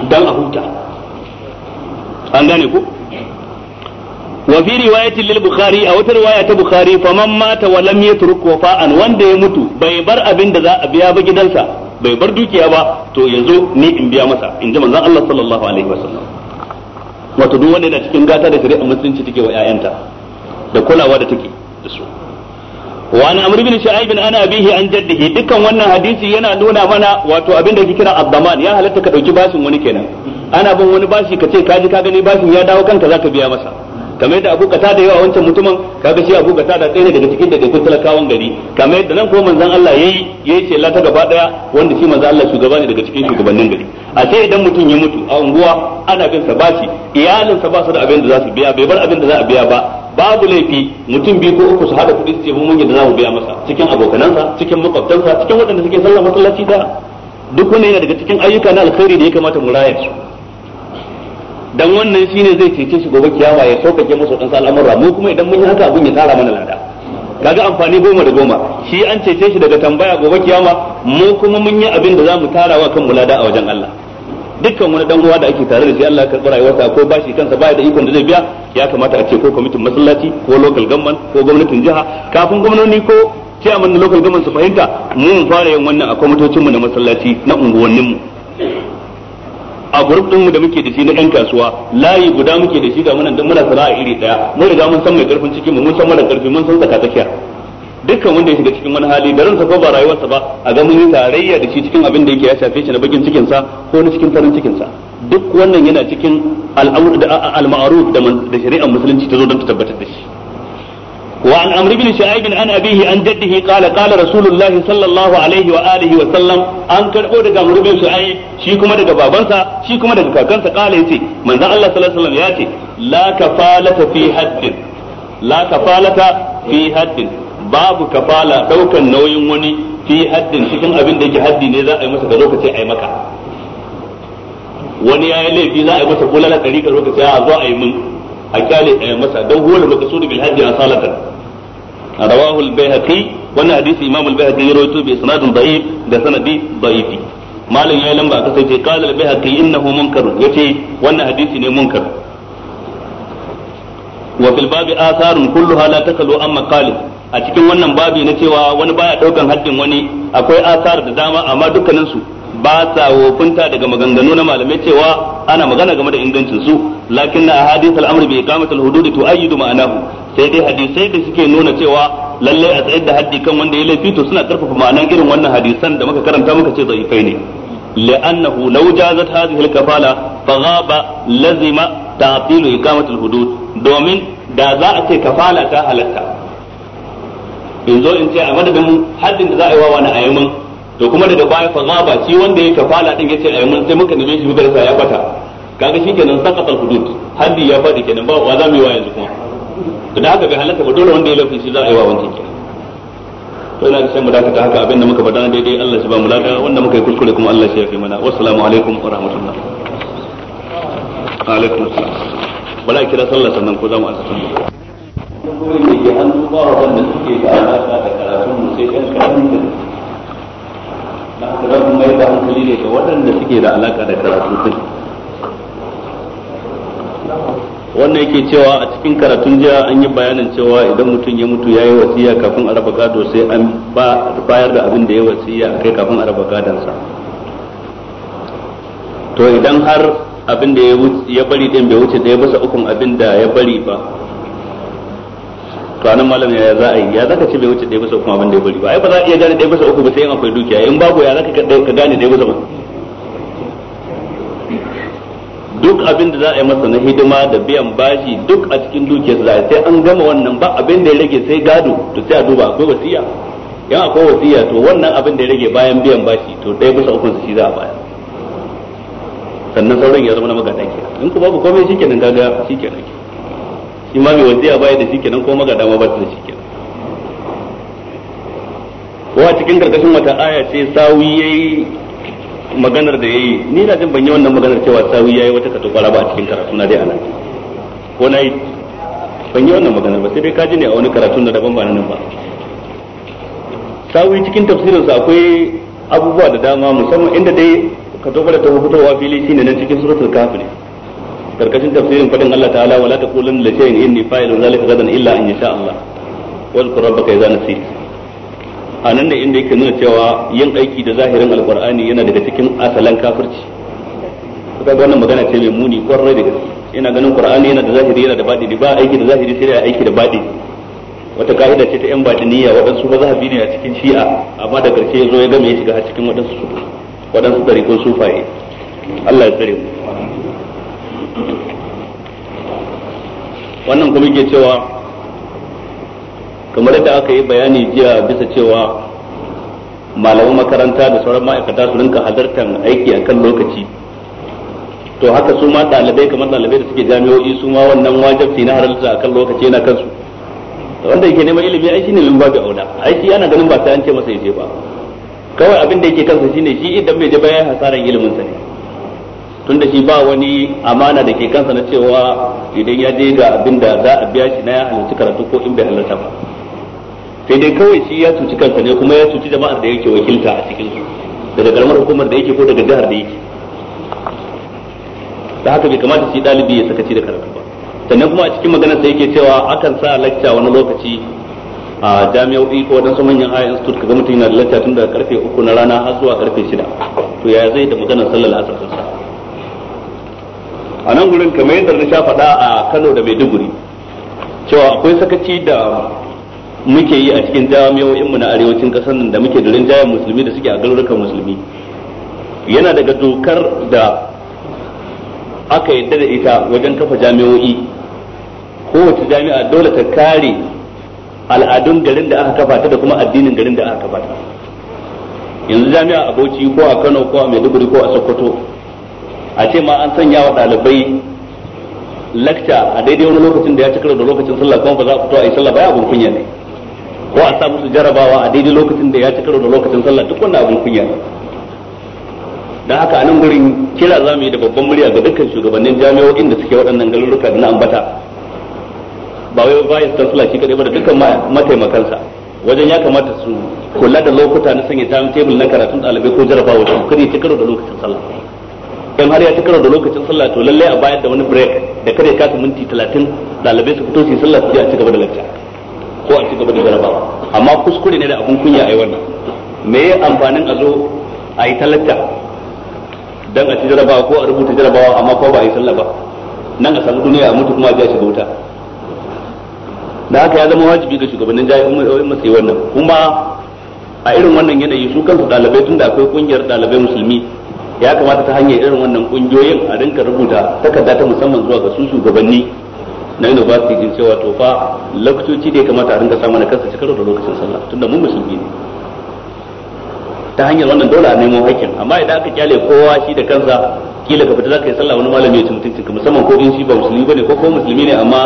dan a huta an gane ku wa fi riwayatin lil bukhari a wata riwaya ta bukhari man mata wa lam yatruk wafa'an wanda ya mutu bai bar abin da za a biya ba gidansa bai bar dukiya ba to yanzu ni in biya masa in ji manzon Allah sallallahu alaihi wasallam wato duk wanda yana cikin gata da shari'a musulunci take wa ƴaƴanta da kulawa da take da su wa an amr bin shu'aib ana abihi an jaddihi dukkan wannan hadisi yana nuna mana wato abin da ake kira abdaman ya halatta ka dauki bashin wani kenan ana bin wani bashi ka ce ka ji ka gani bashin ya dawo kanka zaka biya masa kamar yadda Abu da yawa wancan mutumin kaga shi Abu ta da tsaye daga cikin da kuntala kawon gari kamar yadda nan ko manzon Allah yayi yayi ce la ta gaba daya wanda shi manzon Allah shugaba ne daga cikin shugabannin gari a sai idan mutum ya mutu a unguwa ana bin sa bashi iyalin sa ba su da abin da za su biya bai bar abin da za a biya ba babu laifi mutum biyu ko uku su hada kuɗi su ce mun yadda za mu biya masa cikin abokanansa cikin makwabtansa cikin waɗanda suke sallah masallaci da duk wanda yana daga cikin ayyuka na alkhairi da ya kamata mu raya su dan wannan shine zai cece shi gobe kiyama ya sauƙaƙe musu dan al'amura mu kuma idan mun yi haka abun ya tsara mana lada kaga amfani goma da goma shi an cece shi daga tambaya gobe kiyama mu kuma mun yi abin da zamu tara wa kanmu lada a wajen Allah dukkan wani dan uwa da ake tare da shi Allah ya karɓi rayuwarsa ko bashi kansa baya da ikon da zai biya ya kamata a ce ko kwamitin masallaci ko local government ko gwamnatin jiha kafin gwamnoni ko ciyaman na local government su fahimta mu fara yin wannan a kwamitocin na masallaci na unguwanninmu. a group din mu da muke da shi na ɗan kasuwa layi guda muke da shi ga munan dan muna sana'a iri daya mun riga mun san mai karfin ciki mu mun san mara karfi mun san tsaka dukkan wanda ya shiga cikin wani hali da ransa ko ba rayuwarsa ba a ga mun yi tarayya da shi cikin abin da yake ya shafe shi na bakin cikin sa ko na cikin farin cikin sa duk wannan yana cikin al-ma'ruf da shari'ar musulunci ta zo don ta tabbatar da shi وعن عمرو بن شعيب عن أبيه عن جده قال قال رسول الله صلى الله عليه وآله وسلم أن كربو دقا عمرو بن شعيب شيكما دقا بابنسا شيكما دقا كاكنسا قال يتي من ذا الله صلى الله عليه وسلم ياتي لا كفالة في حد لا كفالة في حد babu kafala daukan nauyin wani fi haddin cikin abin da yake haddi ne za a yi masa ka zo ka ce a yi maka wani ya yi laifi za a yi masa bulala ɗari ka zo ka ce a zo a yi min a kyale a masa don huwa da makasud bil hajji asalatan rawahu al bayhaqi wannan hadisi imam al bayhaqi ya rawaito bi sanadin da'if da sanadi da'ifi malam yayi lamba aka sai qala al bayhaqi innahu munkar yace wannan hadisi ne amma a cikin wannan babi na cewa wani baya daukan haddin wani akwai asar da dama amma dukkaninsu. su ba sa wofinta daga maganganu na malamai cewa ana magana game da ingancin su lakin na ahadith al-amr bi iqamati al-hudud tu'ayyidu ma'anahu sai dai hadisai da suke nuna cewa lalle a tsayar da haddi kan wanda ya laifi to suna karfafa ma'anan irin wannan hadisan da muka karanta muka ce zaifai ne لأنه لو جازت هذه الكفالة فغاب لزم تعطيل إقامة الحدود دومين da za a ce kafala ta halatta in zo in ce a madadin haddin da za a yi wa wani a to kuma daga baya fa ba shi wanda yake fala din yace ai mun sai muka neme shi muka rasa ya bata kaga shikenan sakata hudud haddi ya fadi kenan ba wa zamu wa yanzu kuma to da haka bai halatta ba dole wanda ya lafi shi za a yi wa wancan kenan to ina da sai mu dakata haka abinda muka faɗa daidai Allah shi ba mu lada wanda muka yi kuskure kuma Allah shi ya fi mana wassalamu alaikum wa rahmatullah alaikum assalam bala kira sallah sannan ko za mu asasa kuma ne ke hannu ba wanda suke da alaka da karatun mu sai kan karatun da haka za mai da hankali ne ga waɗanda suke da da karatu wannan yake cewa a cikin karatun jiya an yi bayanin cewa idan mutum ya mutu ya yi wasiya kafin a raba gado sai an bayar da abin da ya wasiya a kai kafin a raba gadonsa to idan har abin da ya bari ɗin bai wuce ɗaya bisa ukun abin da ya bari ba to anan malam ya za a yi ya zaka ce bai wuce ɗaya bisa kuma abin da ya bari ba ai ba za a iya gane ɗaya bisa uku ba sai in akwai dukiya in babu ya zaka ka gane dai bisa uku duk abin da za a yi masa na hidima da biyan bashi duk a cikin dukiyar za sai an gama wannan ba abin da ya rage sai gado to sai a duba akwai wasiya yan akwai wasiya to wannan abin da ya rage bayan biyan bashi to ɗaya bisa uku shi za a bayar sannan sauran ya zama na magana in ku babu komai shikenan kaga shikenan kenan shi ma mai wasiya baya da shi kenan ko magada ma ba ta shi kenan ko a cikin karkashin wata aya ce sawi yayi maganar da yayi ni na jin ban yi wannan maganar cewa sawi yayi wata katubara ba a cikin karatu na dai anan ko na yi ban yi wannan maganar ba sai dai kaji ne a wani karatu na daban ba nan ba sawi cikin tafsirinsa akwai abubuwa da dama musamman inda dai katubara ta fitowa fili shine nan cikin suratul kafir karkashin tafsirin fadin Allah ta'ala wala taqulanna li shay'in inni fa'ilun zalika gadan illa an yasha Allah wazkur rabbaka idza nasit anan ne inda yake nuna cewa yin aiki da zahirin alqur'ani yana daga cikin asalan kafirci kaga wannan magana ce mai muni kwarai da gaske ina ganin qur'ani yana da zahiri yana da da ba aiki da zahiri sai da aiki da badi wata ka'ida ce ta yan badiniya waɗansu ba zahabi ne a cikin shi'a amma da karshe ya zo ya game ya shiga cikin waɗansu waɗansu ɗarikun sufaye Allah ya tsare mu wannan kuma ke cewa kamar da aka yi bayani jiya bisa cewa malaman makaranta da sauran ma'aikata su rinka halartar aiki a kan lokaci to haka su ma ɗalibai kamar ɗalibai da suke jami'o'i su ma wannan wajabci na halarta a kan lokaci yana kansu wanda yake neman ilimi ai shine lumba bi auda ai shi ana ganin ba sai an ce masa yaje ba kawai abin da yake kansa shine shi idan bai je ba ya hasaran ilimin sa ne tunda shi ba wani amana da ke kansa na cewa idan ya je ga abin da za a biya shi na ya halarci karatu ko in bai halarta ba sai dai kawai shi ya cuci kansa ne kuma ya cuci jama'ar da yake wakilta a cikin su daga karamar hukumar da yake ko daga jihar da yake da haka bai kamata shi dalibi ya sakaci da karatu ba sannan kuma a cikin maganar sa yake cewa akan sa lacca wani lokaci a jami'o'i ko wadansu manyan high institute kaga mutum yana da lacca tun daga karfe uku na rana har zuwa karfe shida to yaya zai da maganar sallar asar kansa a nan gurin kamar yadda na sha faɗa a Kano da Maiduguri cewa akwai sakaci da muke yi a cikin jami'o'in mu na arewacin ƙasar nan da muke da rinjayen musulmi da suke a garurukan musulmi yana daga dokar da aka yadda da ita wajen kafa jami'o'i kowace jami'a dole ta kare al'adun garin da aka kafa ta da kuma addinin garin da aka kafa ta yanzu jami'a a Bauchi ko a Kano ko a Maiduguri ko a Sokoto a ce ma an sanya wa dalibai lakta a daidai wani lokacin da ya ci da lokacin sallah kuma ba za a fito a yi sallah ba ya abin kunya ne ko a sa musu jarabawa a daidai lokacin da ya ci da lokacin sallah duk wanda abin kunya ne don haka a nan gurin kira za mu yi da babban murya ga dukkan shugabannin jami'o'in da suke waɗannan garuruka da na ambata ba wai bayan sallah shi kaɗai ba da dukkan mataimakansa wajen ya kamata su kula da lokuta na sanya timetable na karatun ɗalibai ko jarabawa su kare ci karo da lokacin sallah in har ya ci karo da lokacin sallah to lallai a bayar da wani break da kare kasa minti talatin dalibai su fito su yi sallah su je a ci gaba da lacca ko a ci gaba da jarabawa amma kuskure ne da abun kunya a yi wannan me ya amfanin a zo a yi talatta dan a ci jarabawa ko a rubuta jarabawa amma ko ba a yi sallah ba nan a samu duniya a mutu kuma a biya shiga wuta da haka ya zama wajibi ga shugabannin jami'o'in yi wannan kuma a irin wannan yanayi su kansu dalibai da akwai kungiyar dalibai musulmi ya kamata ta hanyar irin wannan kungiyoyin a rinka rubuta takarda ta musamman zuwa ga su shugabanni na university din cewa to fa lakcoci da ya kamata a rinka samu na kansa cikar da lokacin sallah tunda mun musulmi ne ta hanyar wannan dole a nemo hakkin amma idan aka kyale kowa shi da kansa kila ka fita zaka yi sallah wani malami ya ci mutuncin ka musamman ko in shi ba musulmi bane ko ko musulmi ne amma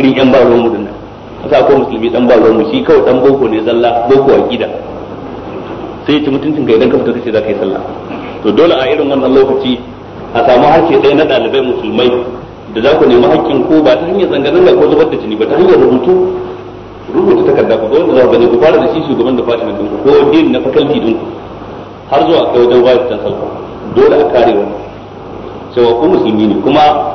irin yan baro mu nan sai ko musulmi dan baro mu shi kawai dan boko ne zalla boko aqida sai ya ci mutuncin ka idan ka fita kace zaka yi sallah to dole a irin wannan lokaci a samu harshe ɗaya na ɗalibai musulmai da za ku nemi hakkin ko ba ta hanyar zanga-zanga ko zubar da jini ba ta hanyar rubutu rubuta takarda ku wanda za ku gani ku fara da shi shugaban da fashin ɗinku ko din na fakalti ɗinku har zuwa kai wajen bayar da salfa dole a kare wannan cewa ku musulmi ne kuma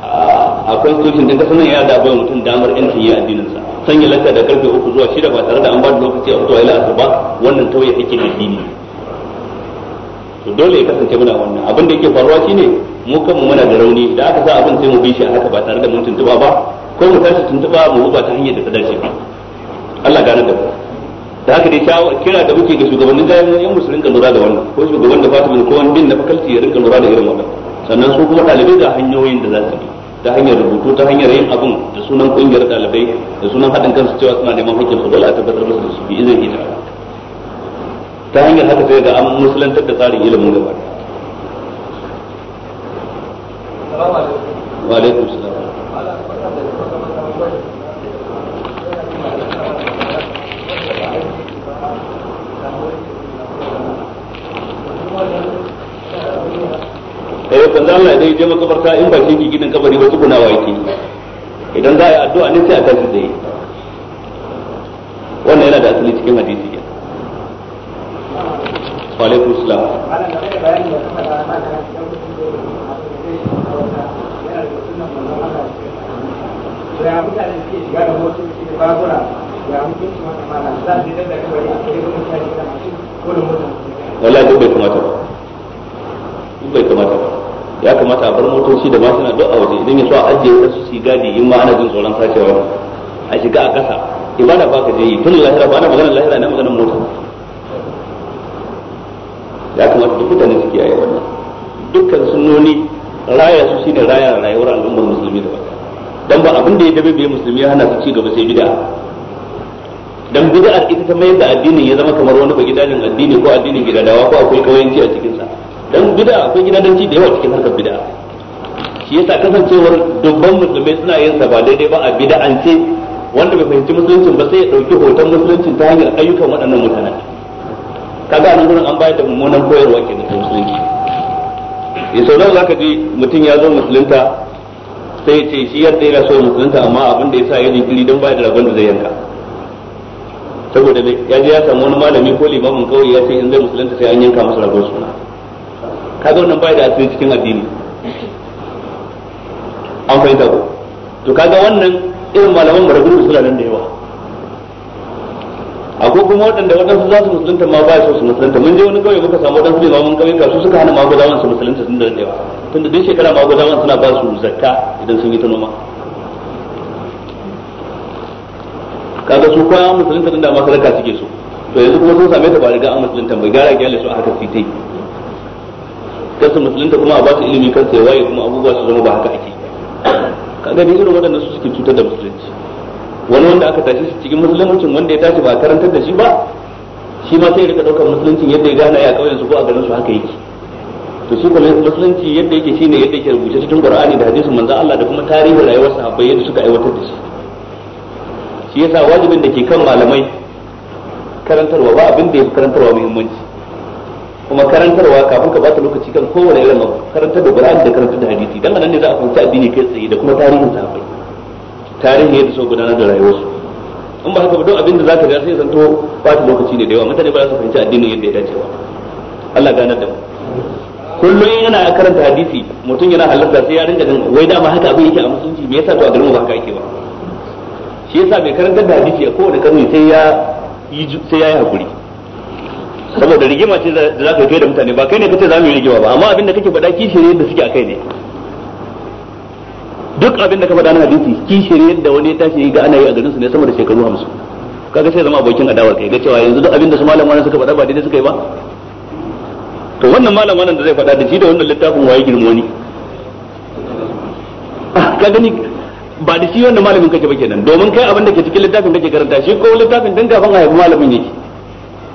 a ah, constitution din kasar nan ya da bai mutum damar yancin yi addinin sa sanya lakka da karfe uku zuwa shida ba tare da an ba da lokaci a fitowa ila asuba wannan tauye hakkin addini to dole ya kasance muna wannan abin da yake faruwa shine mu kanmu muna da rauni da aka sa abin sai mu bi shi a haka ba tare da mun tuntuba ba ko mu tashi tuntuba mu ba ta hanyar da ta dace ba Allah gane da ku da haka dai shawo kira da muke ga shugabannin jami'an mu su kan lura da wannan ko shugaban da fatimin ko wani din na fakalti ya rinka lura da irin wannan sannan su kuma talibai da hanyoyin da za su bi ta hanyar rubutu ta hanyar yin abin da sunan kungiyar ɗalibai da sunan haɗin kansu cewa suna neman hakkin su dole a tabbatar musu da su bi izin ita ta hanyar haka sai ga an musulantar da tsarin ilimin gaba wa alaikum salam eh banza Allah dai je makabarta in ba shi ki gidan kabari ba tsugunawa yake idan za a yi addu'a ne sai a tashi tsaye wannan yana da asali cikin hadisi wa wallahi duk bai kamata ba duk bai kamata ba ya kamata a bar motoci da duk a waje idan ya so a ajiye wasu su gadi in ma ana jin tsoron sacewa a shiga a kasa ibada ba ka je yi tun lahira ba ana magana lahira ne maganar mota ya kamata duk mutane su kiyaye wannan dukkan sunnoni raya su shine raya rayuwar al'ummar musulmi da wata dan ba abin da ya dabe bai musulmi hana su ci gaba sai bid'a dan bid'ar ita ta mayar da addinin ya zama kamar wani bagidajin addini ko addinin gidadawa ko akwai kawayanci a cikin sa dan bid'a akwai gidadanci da yawa cikin harkar bid'a shi yasa kasancewar dubban musulmai suna yin sa ba daidai ba a bid'ance wanda bai fahimci musulunci ba sai ya dauki hoton musulunci ta hanyar ayyukan waɗannan mutanen kaga nan gurin an bayar da mummunan koyarwa ke da musulunci ya eh, sau nawa zaka ji mutum ya zo musulunta sai ya ce shi yadda yana so musulunta amma abin da ya sa ya jinkiri don bayar da rabon da zai yanka saboda me ya je ya samu wani malami ko limamin kawai ya ce in zai musulunta sai an yanka masa rabon suna kaga wannan bayar da asiri cikin addini an fahimta ko to kaga wannan irin malaman marabin suna nan da yawa akwai kuma waɗanda waɗansu za su musulunta ma ba su musulunta mun je wani kawai muka samu waɗansu limamin ƙauyuka su suka hana magudawan su musulunta tun da daɗewa tun da duk shekara magudawan suna ba su zakka idan sun yi ta noma kaga su kwaya musulunta din da masaraka suke so to yanzu kuma sun same ta ba riga an musulunta bai gara gyale su a haka su kasu musulunta kuma a ba su ilimi kan ya waye kuma abubuwa su zama ba haka ake kaga ne irin waɗanda su suke cutar da musulunci wani wanda aka tashi shi cikin musuluncin wanda ya tashi ba karantar da shi ba shi ma sai ya rika daukar musuluncin yadda ya gane a kauyen su ko a garin su haka yake to shi kuma musulunci yadda yake shine yadda yake rubuce cikin Qur'ani da hadisin manzo Allah da kuma tarihin rayuwar sahabbai yadda suka aiwatar da shi shi yasa wajibin da ke kan malamai karantarwa ba abin da ya karantarwa muhimmanci kuma karantarwa kafin ka bata lokaci kan kowane irin karantar da Qur'ani da karantar da hadisi dan nan ne za a fahimci addini kai tsaye da kuma tarihin sahabbai tarihi yadda suka gudanar da rayuwarsu in ba haka ba don abin da zaka ga sai to ba ta lokaci ne da yawa mutane ba za su fahimci addinin yadda ya dace ba Allah ganar da mu kullum yana karanta hadisi mutum yana halarta sai ya rinka ganin wai dama haka abin yake a musulunci me yasa to a garin mu ba haka yake ba shi yasa mai karantar da hadisi a kowane karni sai ya yi sai ya yi hakuri saboda rigima ce da za ka yi da mutane ba kai ne kace za mu yi rigima ba amma abin da kake faɗa kishi ne da suke kai ne duk abin da ka faɗa na hadisi kishiri yadda wani ya tashi ga ana yi a garin su ne sama da shekaru hamsin kaga sai zama abokin adawar kai ga cewa yanzu duk abin da su malam wannan suka faɗa ba daidai suka yi ba to wannan malam wannan da zai faɗa da shi da wannan littafin waye girmoni ka gani ba da shi wannan malamin kake ba kenan domin kai abin da ke cikin littafin kake karanta shi ko littafin dan kafin haifi malamin yake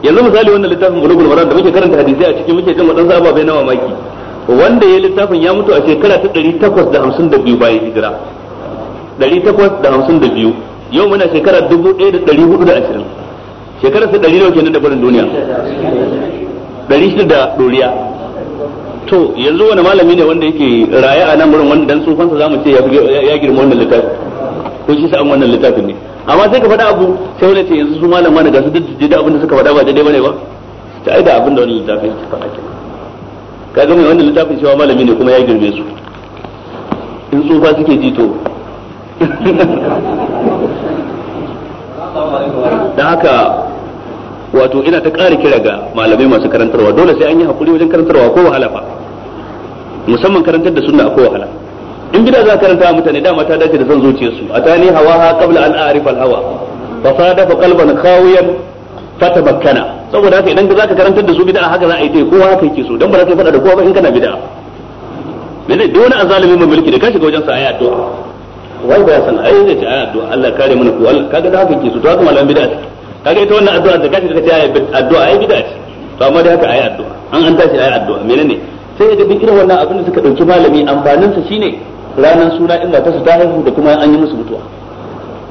yanzu misali wannan littafin bulugul maran da muke karanta hadisi a cikin muke jin wadansu ababai na mamaki wanda ya littafin ya mutu a shekara ta 852 bayan hijira 852 yau muna shekara 1420 shekara ta 100 kenan da barin duniya 600 da doriya to yanzu wani malami ne wanda yake raye a nan wurin wanda dan tsufansa zamu ce ya girma wannan littafin ko shi an wannan littafin ne amma sai ka faɗa abu sai wani ce yanzu su malama ga su duk da abin da suka faɗa ba daidai bane ba ta aida abin da wani littafin ke faɗa kenan ka mai wannan littafin cewa malami ne kuma ya girme su in tsufa suke ji to da haka wato ina ta ƙara kira ga malamai masu karantarwa dole sai an yi hakuri wajen karantarwa ko wahala fa musamman karantar da sunna ko wahala in gida za karanta mutane dama ta dace da son zuciyarsu atani hawaha qabla an a'rifa al-hawa fa sadafa qalban khawiyan fatabakkana saboda haka idan ka zaka karantar da su bid'a haka za a yi ta kowa haka yake so dan ba za ka fada da kowa ba in kana bid'a lalle duk wani azalimi mai mulki da ka shiga wajen sa ayi addu'a wai ba san ai zai ta ayi addu'a Allah kare mana ko Allah kaga da haka yake so to haka malamin bid'a ce kaga ita wannan addu'a da ka da kace ayi addu'a ayi bid'a ce to amma da haka ayi addu'a an an tashi ayi addu'a me ne sai da duk irin wannan abin da suka dauki malami amfanin sa shine ranan suna inda ta su ta haihu da kuma an yi musu mutuwa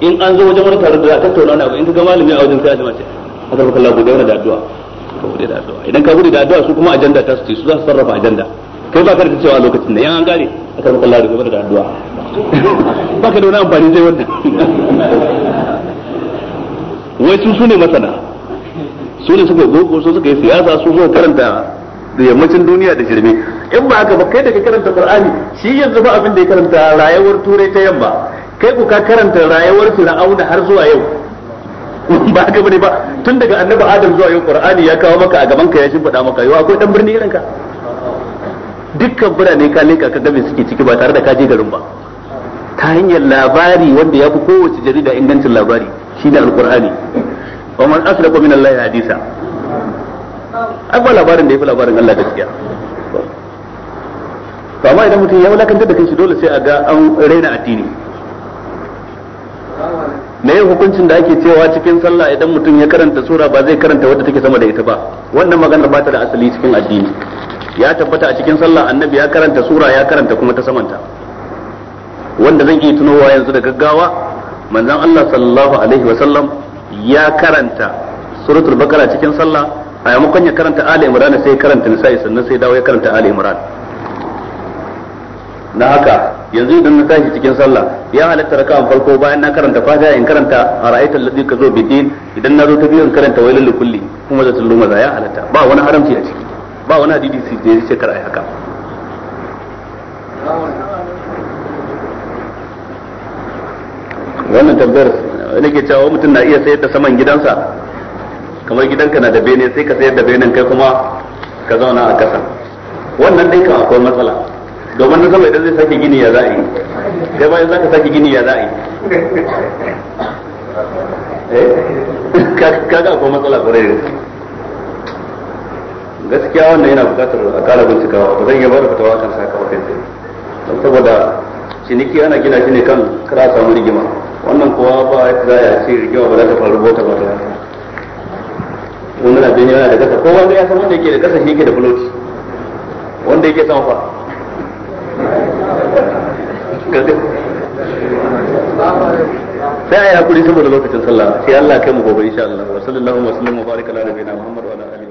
in an zo wajen wani taron da za a tattauna wani abu in ka ga malami a wajen sai a ji mace haka baka Allah daura da addu'a ka da addu'a idan ka gode da addu'a su kuma ajanda ta su su za su sarrafa ajanda kai ba ka da cewa lokacin da yan an gane aka baka Allah gode da addu'a ba ka da wani amfani zai wannan wai su su ne masana su ne suka goko su suka yi siyasa su zo karanta da yammacin duniya da shirme in ba haka ba kai daga karanta qur'ani shi yanzu ba abin da ya karanta rayuwar turai ta yamma kai ku ka karanta rayuwar fir'auna har zuwa yau ba haka bane ba tun daga annabi adam zuwa yau qur'ani ya kawo maka a gaban ka ya shimfida maka yau akwai dan birni irin ka dukkan birane ka leka ka gabe suke ciki ba tare da ka je garin ba ta hanyar labari wanda ya fi kowace jarida ingancin labari shine alqur'ani wa man asraka min allahi hadisa ai labarin da yafi labarin Allah gaskiya to amma idan mutum ya wulakanta da kansa dole sai a ga an raina addini me hukuncin da ake cewa cikin sallah idan mutum ya karanta sura ba zai karanta wadda take sama da ita ba wannan maganar ba ta da asali cikin addini ya tabbata a cikin sallah annabi ya karanta sura ya karanta kuma ta samanta wanda zan iya tunowa yanzu da gaggawa manzon Allah sallallahu alaihi wa sallam ya karanta suratul bakara cikin sallah a maimakon ya karanta ali imran sai ya karanta nisa'i sannan sai dawo ya karanta ali imran na haka yanzu idan na tashi cikin sallah ya halatta an farko bayan na karanta fatiha in karanta ara'aytal ladhi kazo bidin idan na zo ta biyu in karanta wailul kulli kuma da tullu maza ya halatta ba wani haramci a ciki ba wani hadisi da ya ce karai haka wannan tambayar nake cewa mutum na iya sayar da saman gidansa kamar gidanka na da bene sai ka sayar da benen kai kuma ka zauna a kasa wannan dai kan akwai matsala domin na sama idan zai sake gini ya za'a yi kai ma za ka sake gini ya za'a yi eh? kaga akwai matsala kwarai da gaskiya wannan yana bukatar a kara bincikawa ba zan yi ba da fitawa kan saka sai kai saboda ciniki ana gina shi ne kan kara samu rigima wannan kowa ba za ya ce rigima ba za ta faru bota ba ta wani na bin yana da kasa kowa ya san wanda yake da kasa shi yake da buloti wanda yake sama fa sai a yi hakuri saboda lokacin sallah sai Allah kai mu gobe insha Allah wa sallallahu wa sallam wa baraka ala nabiyina Muhammad wa ala